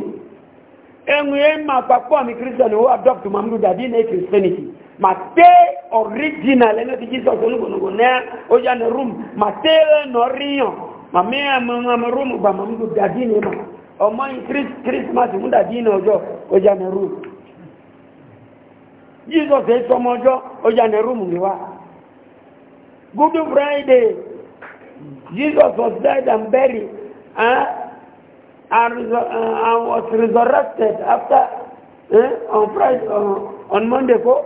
Speaker 2: enwe ma papo ami christian o adopt mamdu dadi na christianity mate original ẹni tí jesus olúgbònúgbò náà ó yá ní rúm mate ẹnà ríyàn màmí room. rúm gbà màmí gbò dàdí ní ma ọmọ yìí christmas mú dàdí ní ọjọ́ ó yá ní rúm jesus ẹ sọmọ ọjọ́ ó yá ní rúm ní wa good friday jesus was dead and buried huh? Eh? and, uh, and was resurrected after uh, on friday uh, on monday ko.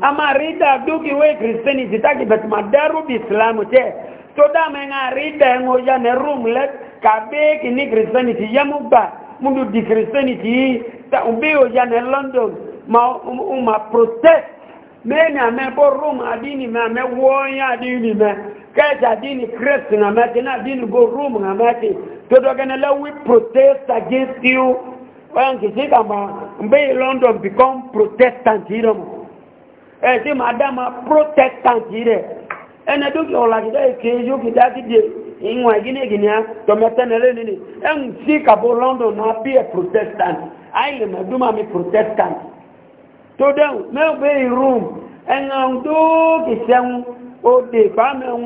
Speaker 2: ama rida duki we christianity taki bet madaru bi te to da me nga rida ngo ya ne room kabe ki ni christianity yamuba mundu di christianity ta nbe o ya ne london ma um, uma protest me na bo rum adini me ame wo adini me ka adini christ na me na adini go na me ti to do gana la we protest against you wan ki sika ma mbe london become protestant iromo ẹ̀sí máa dá máa protestant rẹ̀ ẹni tó kí èké yóò fi dá sí ìwọ̀n ìgínìgìní á nínú ẹ̀hùn sí london náà bí ẹ̀ protestant àìlè mẹ́dúnmà mi protestant tó dẹ́hùn mẹ́gbẹ́ ìrùm ẹ̀hàn tó sẹ́hùn òdè ìfàmẹ́hùn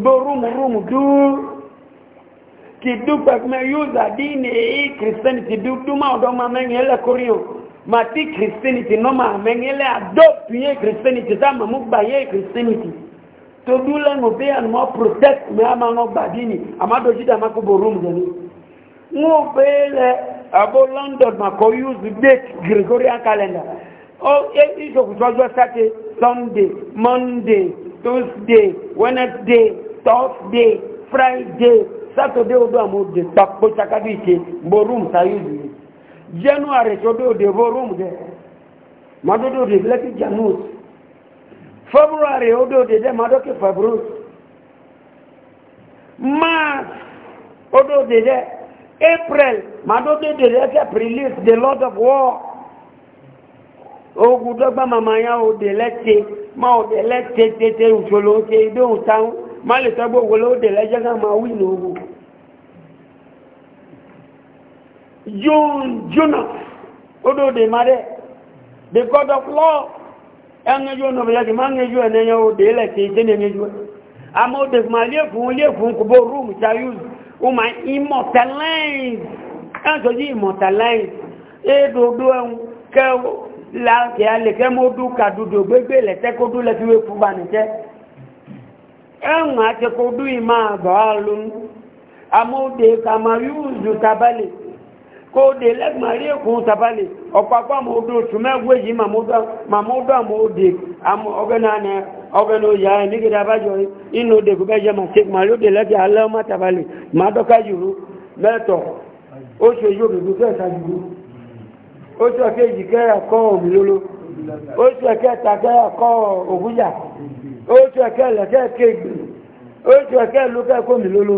Speaker 2: gbó rúmù rúmù dúú yóò zàdí ní kìrìsìtẹ́nì ọ̀dọ́ mẹ́yìn ẹlẹ́kùnrin mati christianity no nɔma amɛŋɛlɛ adopt ye christianity sama mu gba ye christianity todu la ŋo bɛ yan mɔ protect mɛ ama ŋɔ gba dini ama do jida ma ko bo room deni ŋo bɛ lɛ abo london ma ko use date gregorian calendar o e isokusɔjɔ sate sunday monday tuesday wednesday thursday friday saturday odo do amu de takpo saka bi borum bo january tó dé òde volume dẹ màdódé òde blẹkì janus february ó dé òde dẹ màdókè fabrus march ó dé dẹ april màdódé òde dẹ kẹ release the lord of war ogun dọgba mama ya òde lẹtẹ ma òde lẹtẹ tètè òṣòlò òṣè ìdóhùn táwọn má lè sọ gbogbo lóde lẹjẹ ká máa wí ní ogun. John Jonas, Odo de Mare, the God of law, and the John of man you and your daily taken in you. I'm out of my life, who live from Kubo room, which I use, whom I immortalize, and so you immortalize. Edo do la ka do gbegbe du use kóòdè lẹ́gbàrí èkùn tàbálì ọ̀pàpá àmóòdó tùmẹ́gbé yìí màmóòdó àmóòdè ọgbẹ́nàánẹ ọgbẹ́nà òyà ẹ̀ nígbèdà bájọ́ inú òdè kò bẹ́jẹ́ màríòdè lẹ́gbẹ̀ alẹ́ọmá tàbálì màádọ́ká yìí mẹ́tọ̀ ó ṣe yóò bèbú kẹta jùlọ ó ṣe kéjì kẹ́yà kọ́ òmìnirò ó ṣe kẹta kẹ́yà kọ́ ògújà ó ṣe kẹ́lẹ̀kẹ́ kéjì ó ṣe kẹ́lú kẹ́kọ́ òmìnirò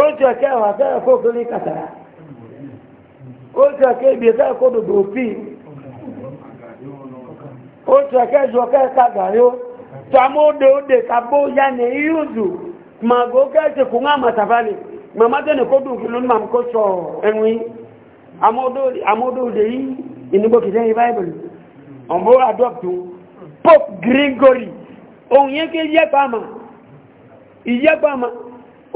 Speaker 2: ó ṣe kẹ́wà kẹ́kọ́ kéré kàtàrà ó ti àkẹ́ ibi ẹ̀ká ẹ̀kọ́ dòdò fi ó ti àkẹ́ ìjọ kẹ́ẹ̀ká gàríó tàmóde òde kàbó ya ní yíòzù màgó kẹ́ẹ̀sì kún àmà tàbálẹ̀ màmá tẹ́nì kó dùn kìlú màmú kó sọ ẹ̀wìn yìí àmóde òde yìí ìnigbókìtẹ́ yìí báyìí ọ̀bọ adọ́pù pope gregory òun yẹn kí yẹ́pàmà ìyẹ́pàmà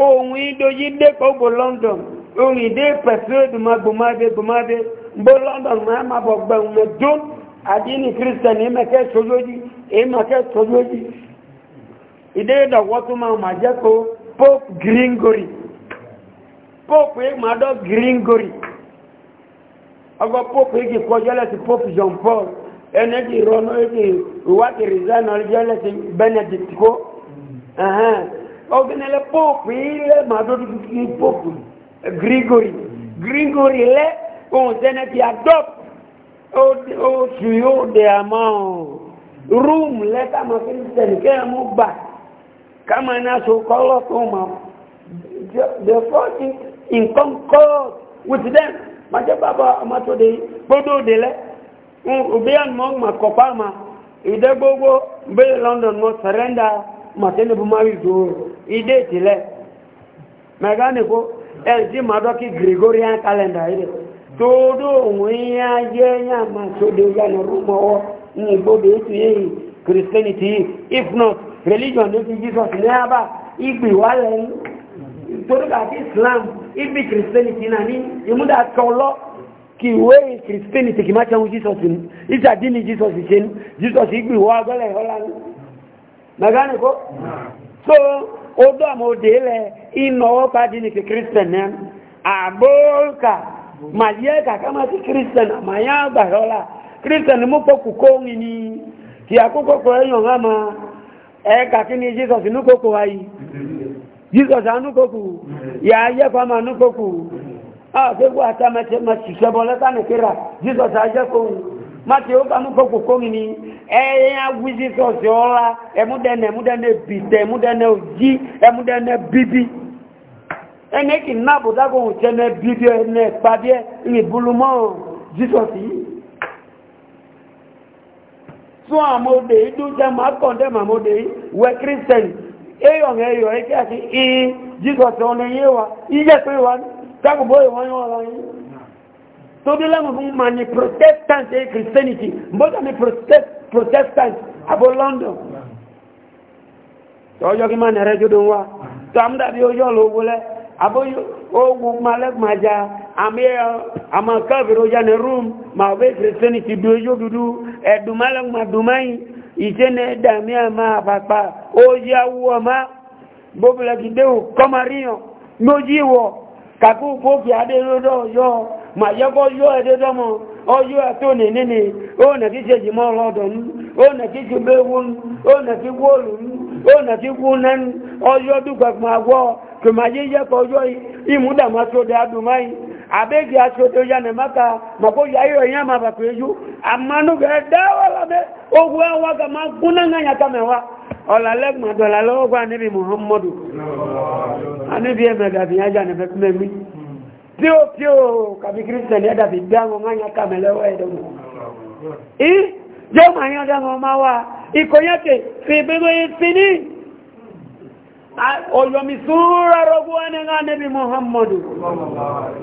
Speaker 2: òun ìdójí dẹ́kọ̀ọ́gbò london ohun ìdé pẹ̀fẹ́dù ma gbòmádé gbòmádé gbó london ma ma bọ̀ gbẹ̀hùn mẹ́ àdínì kírísítẹ̀nì ìmẹ̀kẹ́ sojúdí ìmẹ̀kẹ́ sojúdí ma ma jẹ́ kó pope gringori pope ìmọ̀dọ́ gringori ọgbọ́ pope pope john paul rọ́nà ìwádìí rìzánà benedict kó uh-huh. pope ilẹ̀ dúdú kí pope Grigory. Grigory lẹ́ ohun tẹ́nẹ́ ti adopt ó tù yóò dẹ̀ àmọ́ room lẹ́ta mọ́ Christian kẹ́ mú gbà kama na so kọ́lọ́ tó mọ́ the first thing in come call with them ma jẹ́ bàbá ọmọ tó dé gbódò dé lẹ́ òbí àmọ́ mà kọ̀pá mà ìdẹ́ gbogbo bẹ́ẹ̀ London mọ́ surrender mà tẹ́lẹ̀ bó má rí ìdòwò ìdé ìtìlẹ̀ mẹ́gánìkó ẹ̀jí madọ́kí gregorian calendar ilẹ̀ dòdó òun yá yẹ́ yá ma sódé yánà rúmọ́wọ́ ní ìgbóde ètò yìí christianity if not religion ló fi jesus ní àbá ìgbì wálẹ̀ ní torí àti islam ìgbì christianity náà ní ìmúdà tọ́lọ́ kì wé christianity kì má jẹun jesus ní ìjàdí ni jesus ṣe ní jesus ìgbì wọ́ agbẹ́lẹ̀ ọlá ní so odo àmọ́ òde ilẹ̀ iná ọkà dì ní kí kírísítẹ̀n náà àbóòkà màdíẹ́kà kámá sí kírísítẹ̀n àmàyà àgbàrọ́là kírísítẹ̀n mú pọ̀kù kóhun ni kì àkókò ẹ̀yàn hàn máa kí ni jesus nukoko ayi jesus anukoko yà ayẹ́kọ̀ọ́ máa nukoko àgbẹ̀wò ah, àtàmẹ́tẹ́ máa ṣiṣẹ́ bọ́ lẹ́tà nìkíra jesus ayẹ́kọ̀ọ́ mati o kanu koko kongi ni eya eh, eh, wizi sosi ola emudene eh, emudene bite emudene oji emudene bibi ene ki nabo dago uchene bibi ene pabie ni bulumo jesus yi so amode idu jama konde mamode we christian eyo eyo eke ati i jesus one yewa iye pe wa dago boy won yo la yin tobila mu ma ni protestant e christianity mboga ni protest protestant abo london to yo ki ma ne rejo don wa to am da bi abo o wu ma le ma ja am ye am ka bi ro ja ne room ma we christianity do yo dudu e du ma le oh, ah, ma du mai ìṣẹ́nẹ̀ dàmí àmà àpapà ó yá wọ́ ma gbogbo lẹ́kìdé ò kọ́mà ríyàn lójí kàkú fòfì adéródó yọ mà yẹ́kọ́ yọ ẹ̀dẹ́dọ́mọ ọyọ ẹ̀tọ́ nìní ni ó nà kí ṣe jìmọ́ ọlọ́dọ̀ ń ó nà kí ṣe béwu ń ó nà kí wóòlù ó nà kí wú nán yọ abegi asodo yana maka mako yairo yama bakweju amanu ga dawa labe ogwa waga maguna nganya kamewa ola leg madola lo gwa nabi muhammadu anabi emega biaja ne bekumemi pio pio kabi kristo ne da bidango nganya kamelewa edomo i je manya dango iko yake fibebe e fini oyomizura rogwane nga nebi muhammadu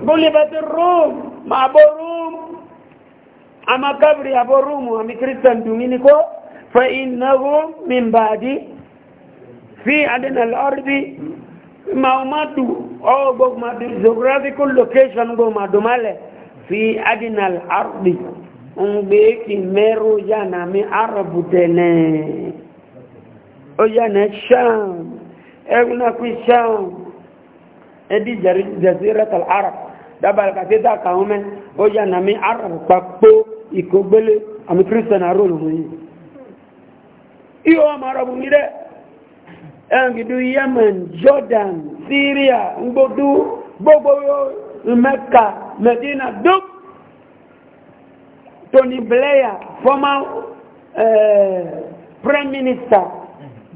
Speaker 2: gulibati rum maborum ama kabri aborumu ami kristan Dumini ko fa innahu min ba'di fi adna al-ardi maumatu o go ma geographical location go ma domale fi adna al-ardi ungbe ki meru jana mi arabu tene o jana sham ẹgbùnà kú iṣẹ́ ohun ẹbí jẹ̀sírẹ́tà arab dábàlì kàtẹ́tà kàwọn mẹ́ ó yà nà mí arab papò ìkógbélé àmì kírísítẹ̀nà róòlù mú yìí ihò ọmọ arab mi rẹ̀ yemen jordan syria ngbodú gbogbo mẹ́ka medina dúk tony blair former uh, prime minister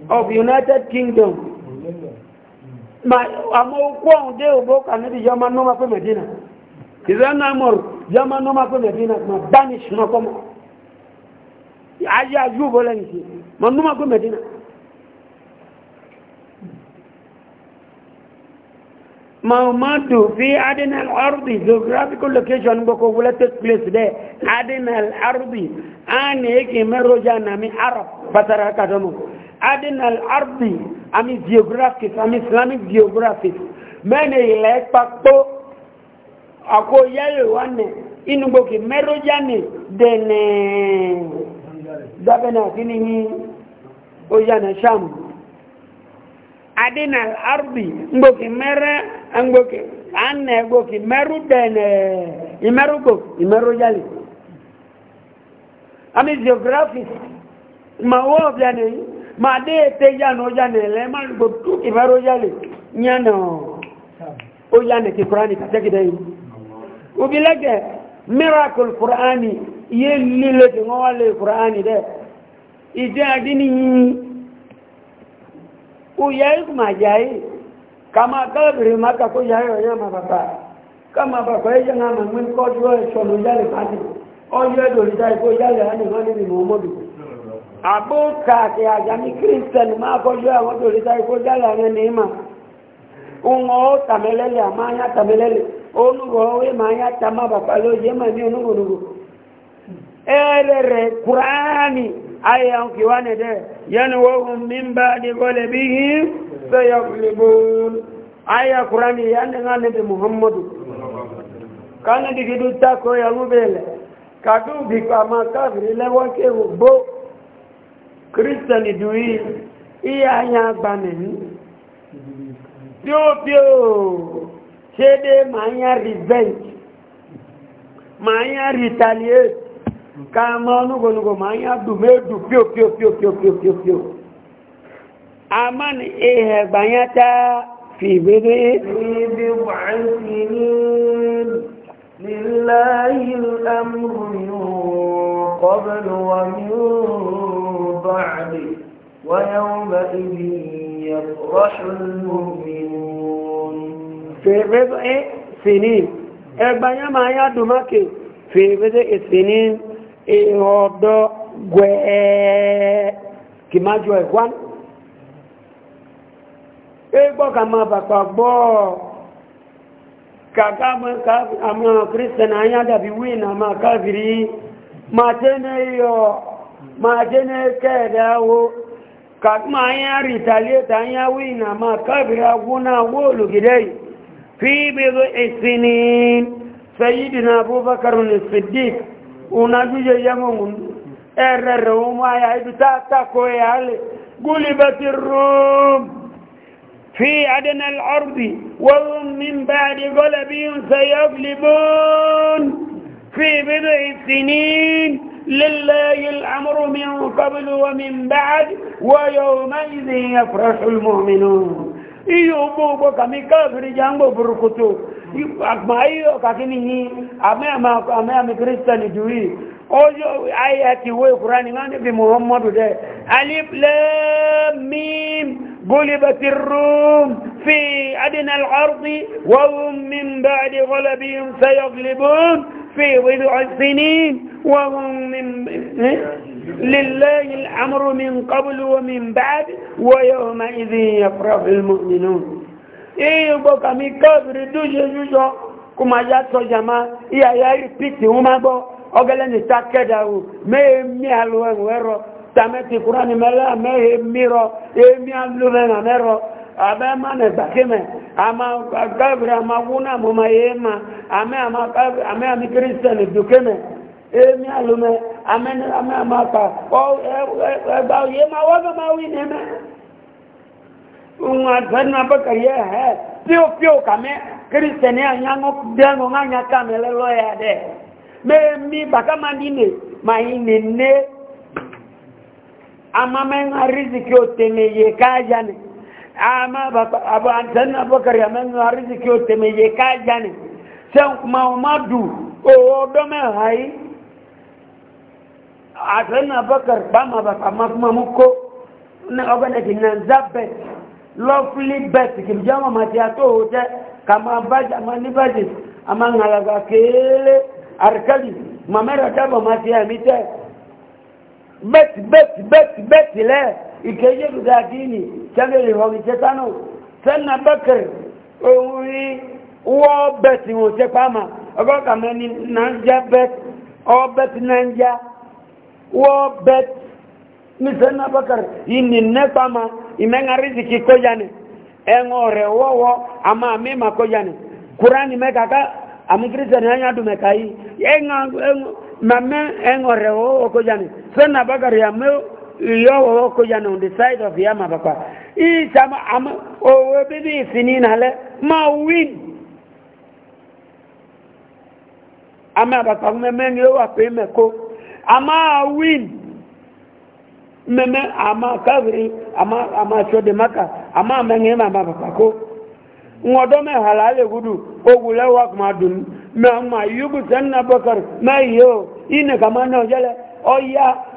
Speaker 2: of united kingdom àmọ́ okú ọ̀hún dé ògbó kàníbi yọ máa nọ́mà pé mẹ̀dínà ìrẹ́nà mọ̀rù yọ máa nọ́mà pé mẹ̀dínà ma danish mọ́kọ́mọ́ ayé ajú òbó lẹ́yìn sí ma Medina. Ma mẹ̀dínà mahamadu fi adinal ardi geographical location gbogbo wule take place there adinal ardi a na yake meroja na mi arab fasara kadomo adinal ardi àmì geographic àmì islamic geographic mẹ́rin ilẹ̀ pàpọ̀ àkóyẹ́lẹ̀ wà ní inúgbòkè mẹ́rọ́já ní dẹ̀nẹ̀ dábẹ́nà àti níyí oyana sham adina arbi ngbòkè mẹ́rẹ́ ngbòkè anà ngbòkè mẹ́rù dẹ̀nẹ̀ ìmẹ́rùgbò ìmẹ́rọ́já ní àmì geographic ma wọ́n ọ̀bẹ̀ nìyí ma de te ya no ya ne le ma go tu ki baro ya le nya no o ya ne ki qur'ani ka te miracle qur'ani ye li le ti ngo le qur'ani de ije adini u ya ku ma ya yi kama ka bi ma ka ko ya yo ya ma baba kama ba ko ya nga ma e, ni mi du àbókà àti àjàmí kírísítẹ̀nì máa kọjú àwọn tó lè sáré kó dálà rẹ̀ ní ìmà ohun ọ́ tàmẹ́lẹ́lẹ̀ àmá yá tàmẹ́lẹ́lẹ̀ olùrọ̀ owó máa yá ta má bàbá ló yé mà ní onúgbònúgbò ẹ̀rẹ̀ rẹ̀ kúránì ayé àwọn kìí wá nẹ̀dẹ̀ yẹnu ohun mímbà muhammadu kánàdìgidú tako yẹnu bẹ̀lẹ̀ kàdúbì pàmà káàkiri lẹ́wọ́n kéwò gbogbo kírísítẹ̀nì dùrí iye anya agbanì píòpíò ṣe dé ma ń yá revenge ma ń yá retaliate ká mọ́ onúgbònúgbò ma ń yá dùmẹ́dù píòpíòpíòpíòpíò a mọ́ ní ihe gbanyata fi ìgbédé
Speaker 1: ibi wàánsì ní lílá ìlú بعده ويومئذ يفرح المؤمنون
Speaker 2: في بضع سنين ẹgbàyàn máa yádùn mákè fèrèdè ìsìní ìrọ̀dọ̀ gbẹ̀ẹ́ kì máa jọ ẹ̀kwán ẹgbọ́ka máa bàpà gbọ́ kàkà àmọ́ kìrìsìtẹ̀ náà yádàbí wíìn àmà káàkiri máa tẹ́ ní iyọ̀ Ma jẹ́ ní kẹ́ẹ̀dẹ̀ awo kàkùnmà ayá rìtàlẹ́tà ayá wíìnà máa kábìrì agúnná wó olùgidẹ́ yìí fi bèèrè ìsinmi sayidina abubakar ní siddiq unagbíje yẹmọ̀n ẹ̀rẹ̀ rẹ̀ wọ́n máa yà ibi tá tako ẹ̀yà lẹ̀ gúlìbẹ̀tì fi adẹ́nàl ọ̀rùbì wọ́n mín bá di gọ́lẹ̀bí ń fi لله الأمر من قبل ومن بعد ويومئذ يفرح المؤمنون iyo gbogbo kàmí káàkiri jẹ́ àgbò burúkútó àgbà ayíyọ kàkí nìyí àmẹ́àmì kírísítẹ̀nì dùrí ọjọ́ ayé ti wé ìkúrá ní wọ́n níbi muhammadu dẹ̀ aliflẹ́mìm gólibẹ̀tì rúm fi adínàlọ́rùn wọ́n mímbà àdìgọ́lẹ̀bí ń fẹ́yọ̀glẹ̀bọ́n بضع سنين وهم من لله الأمر من قبل ومن بعد ويومئذ يفرح المؤمنون إيه بقى من كبر دوجة جوجو كما جاتو جماعة إيه يا ريبيتي وما بو أقول أن تاكدهو ما يمي هلوان ويرو تامتي قرآن ملا ما يمي رو يمي هلوان ويرو abe ma ne ama kabiri ama wuna mo ye ma ame ama kabiri ame ami kristian duke emi alo me ame ne ame ama pa o egba ye ma wa ma wi ne ŋun advɛn na bɛ kariɛ hɛ pio pio kame kristian ya nyaŋo dɛŋo ŋa nya kame lɛ lɔ dɛ mɛ mi baka ma di ne ma yi ne ne ama mɛ ŋa riziki o teme ye k'a ya ne ama abu antan abubakar yamen na arziki o temeje ka jani sen kuma umadu owo dome hayi antan abubakar ba ma ba amma kuma muko na ogana ki na zabe lovely bet ki jama mati ato hote kama baji ama ni baji ama ngalaga kele arkali mamera dabo mati amite bet bet bet bet le ìkéjì dùdú àdínì tẹ́lẹ̀lẹ̀ ọ̀rìn jẹ́tánù sẹ́nà bẹ́kẹ̀ ohun rí wọ́ bẹ̀tì wọ́n tẹ́ pàmà ọgọ́kà mẹ́ni nàíjá bẹ́tì ọbẹ̀tì nàíjá wọ́ bẹ́tì ní sẹ́nà bẹ́kẹ̀ ìní nẹ́pàmà ìmẹ́ngà rìzìkì kọjá ni ẹ̀ngọ̀ rẹ̀ wọ́wọ́ àmà mímà kọjá ni kúránì mẹ́kàkà àmì kírísẹ̀nì ẹ̀yàdùmẹ̀kà yìí ẹ̀ngọ̀ rẹ̀ wọ́wọ́ kọjá ni sẹ́nà yowo ko jana on the side of yama baba i sama am o bi bibi sinina le ma win ama baba me men yo wa pe me ko ama win meme ama kabiri ama ama chode maka ama menge ma baba ko ngodo me halale gudu ogule wa kuma dun me ma yubu sanna bakar me yo ine kama no jale oya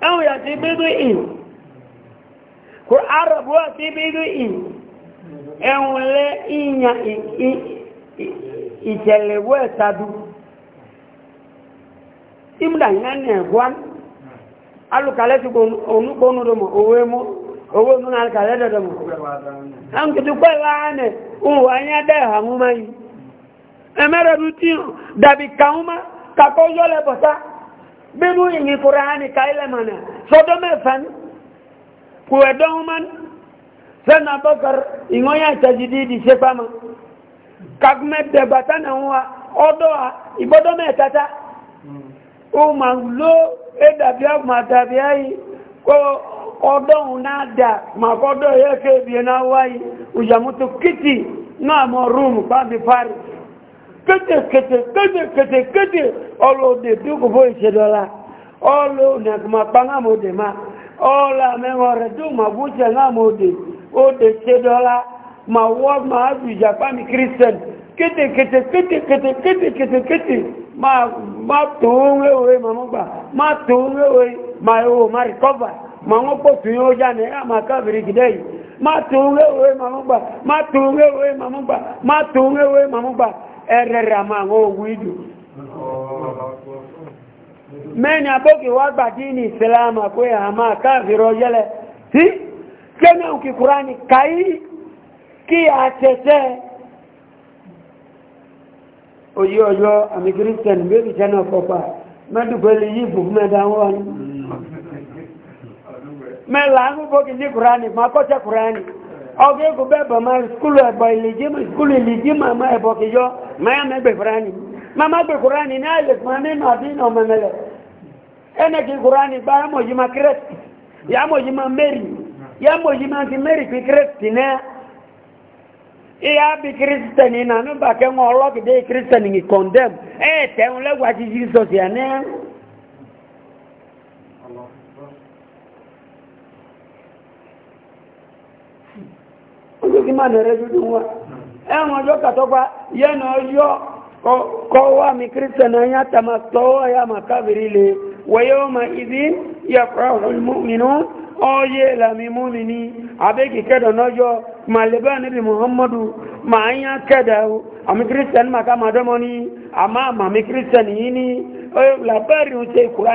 Speaker 2: àwọn èèyàn ti bídú ìn kò árọ̀bù àti bídú ìn ẹ̀hùn lé ìyàn ìṣẹ̀lẹ̀wó ẹ̀tàdù ìmúdà ìyàn ẹ̀gbọ́n alùkàlẹ́ ti onúkọ́nù owó mú owó mú alùkàlẹ́ dọ̀dọ̀mọ̀ àwọn kìtùkọ́ ìwáánẹ̀ ohun wáyé dẹ̀ bí tí dàbí kàkọ́ yọ́lẹ̀ bọ̀ta bíbú ìyìn kùránì káìlẹ̀mọ̀nà sọ́dọ́ mẹ́fẹ́n kùwẹ̀dọ́wọ́mán sẹ́nà bọ́kar ìwọ́nyà ìtàjìdìdì ṣe pàmọ́ kàkùmẹ́dẹ̀gbàtà náà wà ọdọ́ ìbọ́dọ́ mẹ́tata ó ma ló ẹ́dàbí àgbàtàbí ayé kó ọdọ́hun náà dà màkọ́dọ̀ yẹ́ fẹ́ Kete kétékété ọlọ́dẹ tí kò fó ìṣẹ́dọ́lá ọlọ́dẹ kùmà pánámọ́dẹ má ọlá mẹ́wọ̀n rẹ̀ tó mà bú ṣẹ̀ lámọ́dẹ ó dẹ ṣẹ́dọ́lá ma wọ́n ma ábù ìjàpámi kírísẹ̀n kete kete kete má tó ń wéwé mamọ́gbà má tó ń wéwé ma ewo ma rìkọ́bà ma wọ́n pọ̀ tún yóò já ní àmà káàbìrì gidẹ́ yìí ma tó ń wéwé mamọ́gbà ma tó ń wéwé mamọ́gbà má tó ń wéwé mamọ́gbà ẹrẹrẹ àmà àwọn ògùn ìjù mẹ́ni abókè wá gbàdí ní ìsìlámà kó yà àmà káàfìrọ yẹlẹ̀ tí kéne òkè kúránì káyí kí a tẹ̀tẹ̀ oyí ọjọ́ àmì kírísítẹ̀nì bébì tẹ́nà kọpa mẹ́dùgbẹ́lì yìí bùn mẹ́dà mẹ́lá ń bókè ní kúránì má kọ́tẹ̀ kúránì ọgbẹ́ kò bẹ́ẹ̀bọ̀ máa skúlù ẹ̀bọ̀ skúlù ìlìjí màmá ẹ̀bọ̀ kìjọ máa mẹ́gbẹ̀ kùránì máa mẹ́gbẹ̀ kùránì ní àìlẹ̀kùn nínú àdínà ọmọmẹlẹ̀ ẹnẹ́kì kùránì bá yámọ̀yí ma kírẹ́tì yámọ̀yí ma mẹ́rì yámọ̀yí ma ti mẹ́rì fi kírẹ́tì náà ìyá bí kírísítẹ̀nì nà nígbà kẹ́wọ́n ọlọ́kìdé kírísítẹ̀nì kọ̀ndẹ́m ẹ̀ẹ́tẹ̀wọ́n lẹ́gbàá olókí máa nẹ̀rẹ́ dúdú wọn ẹ̀wọ̀n ọjọ́ kàtọ́gbá yẹ́nà ọjọ́ kọwa mi kírísẹ̀nà ya tàmà tọ́wọ́ ya ma kábìrí lè wọ́yẹ́ ọmọ ibi yẹ̀kọ́ ọ̀rọ̀lùmọ́mìnú ọyẹ́ ìlàmì múmìnì àbẹ́kì kẹ́dọ̀ lọ́jọ́ màlẹ́bà níbi muhammadu ma ń yá kẹ́dà àmì kírísẹ̀n màkà màdọ́mọ́ ní àmà àmàmì kírísẹ̀n yìí ní lábẹ́rì ń ṣe ìkùrá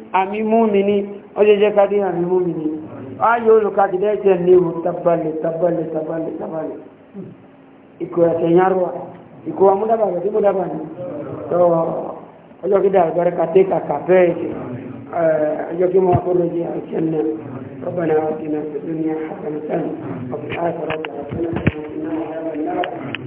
Speaker 2: àmì múmini ọjọ́jẹ́ kádé àmì múmini ayé olùkàdìdẹ́ ẹ̀sẹ̀ léwu tabalẹ̀ tabalẹ̀ tabalẹ̀ tabalẹ̀ ìkò ẹ̀sẹ̀ yárọ̀ ìkò amúdábà rẹ̀ tí mo dábà ní tọ́ ọjọ́ kí dà àgbẹ̀rẹ̀ kàtẹ́ kàkà bẹ́ẹ̀
Speaker 1: ọjọ́ kí mo akọ́lọ́ jẹ́ ẹ̀sẹ̀ náà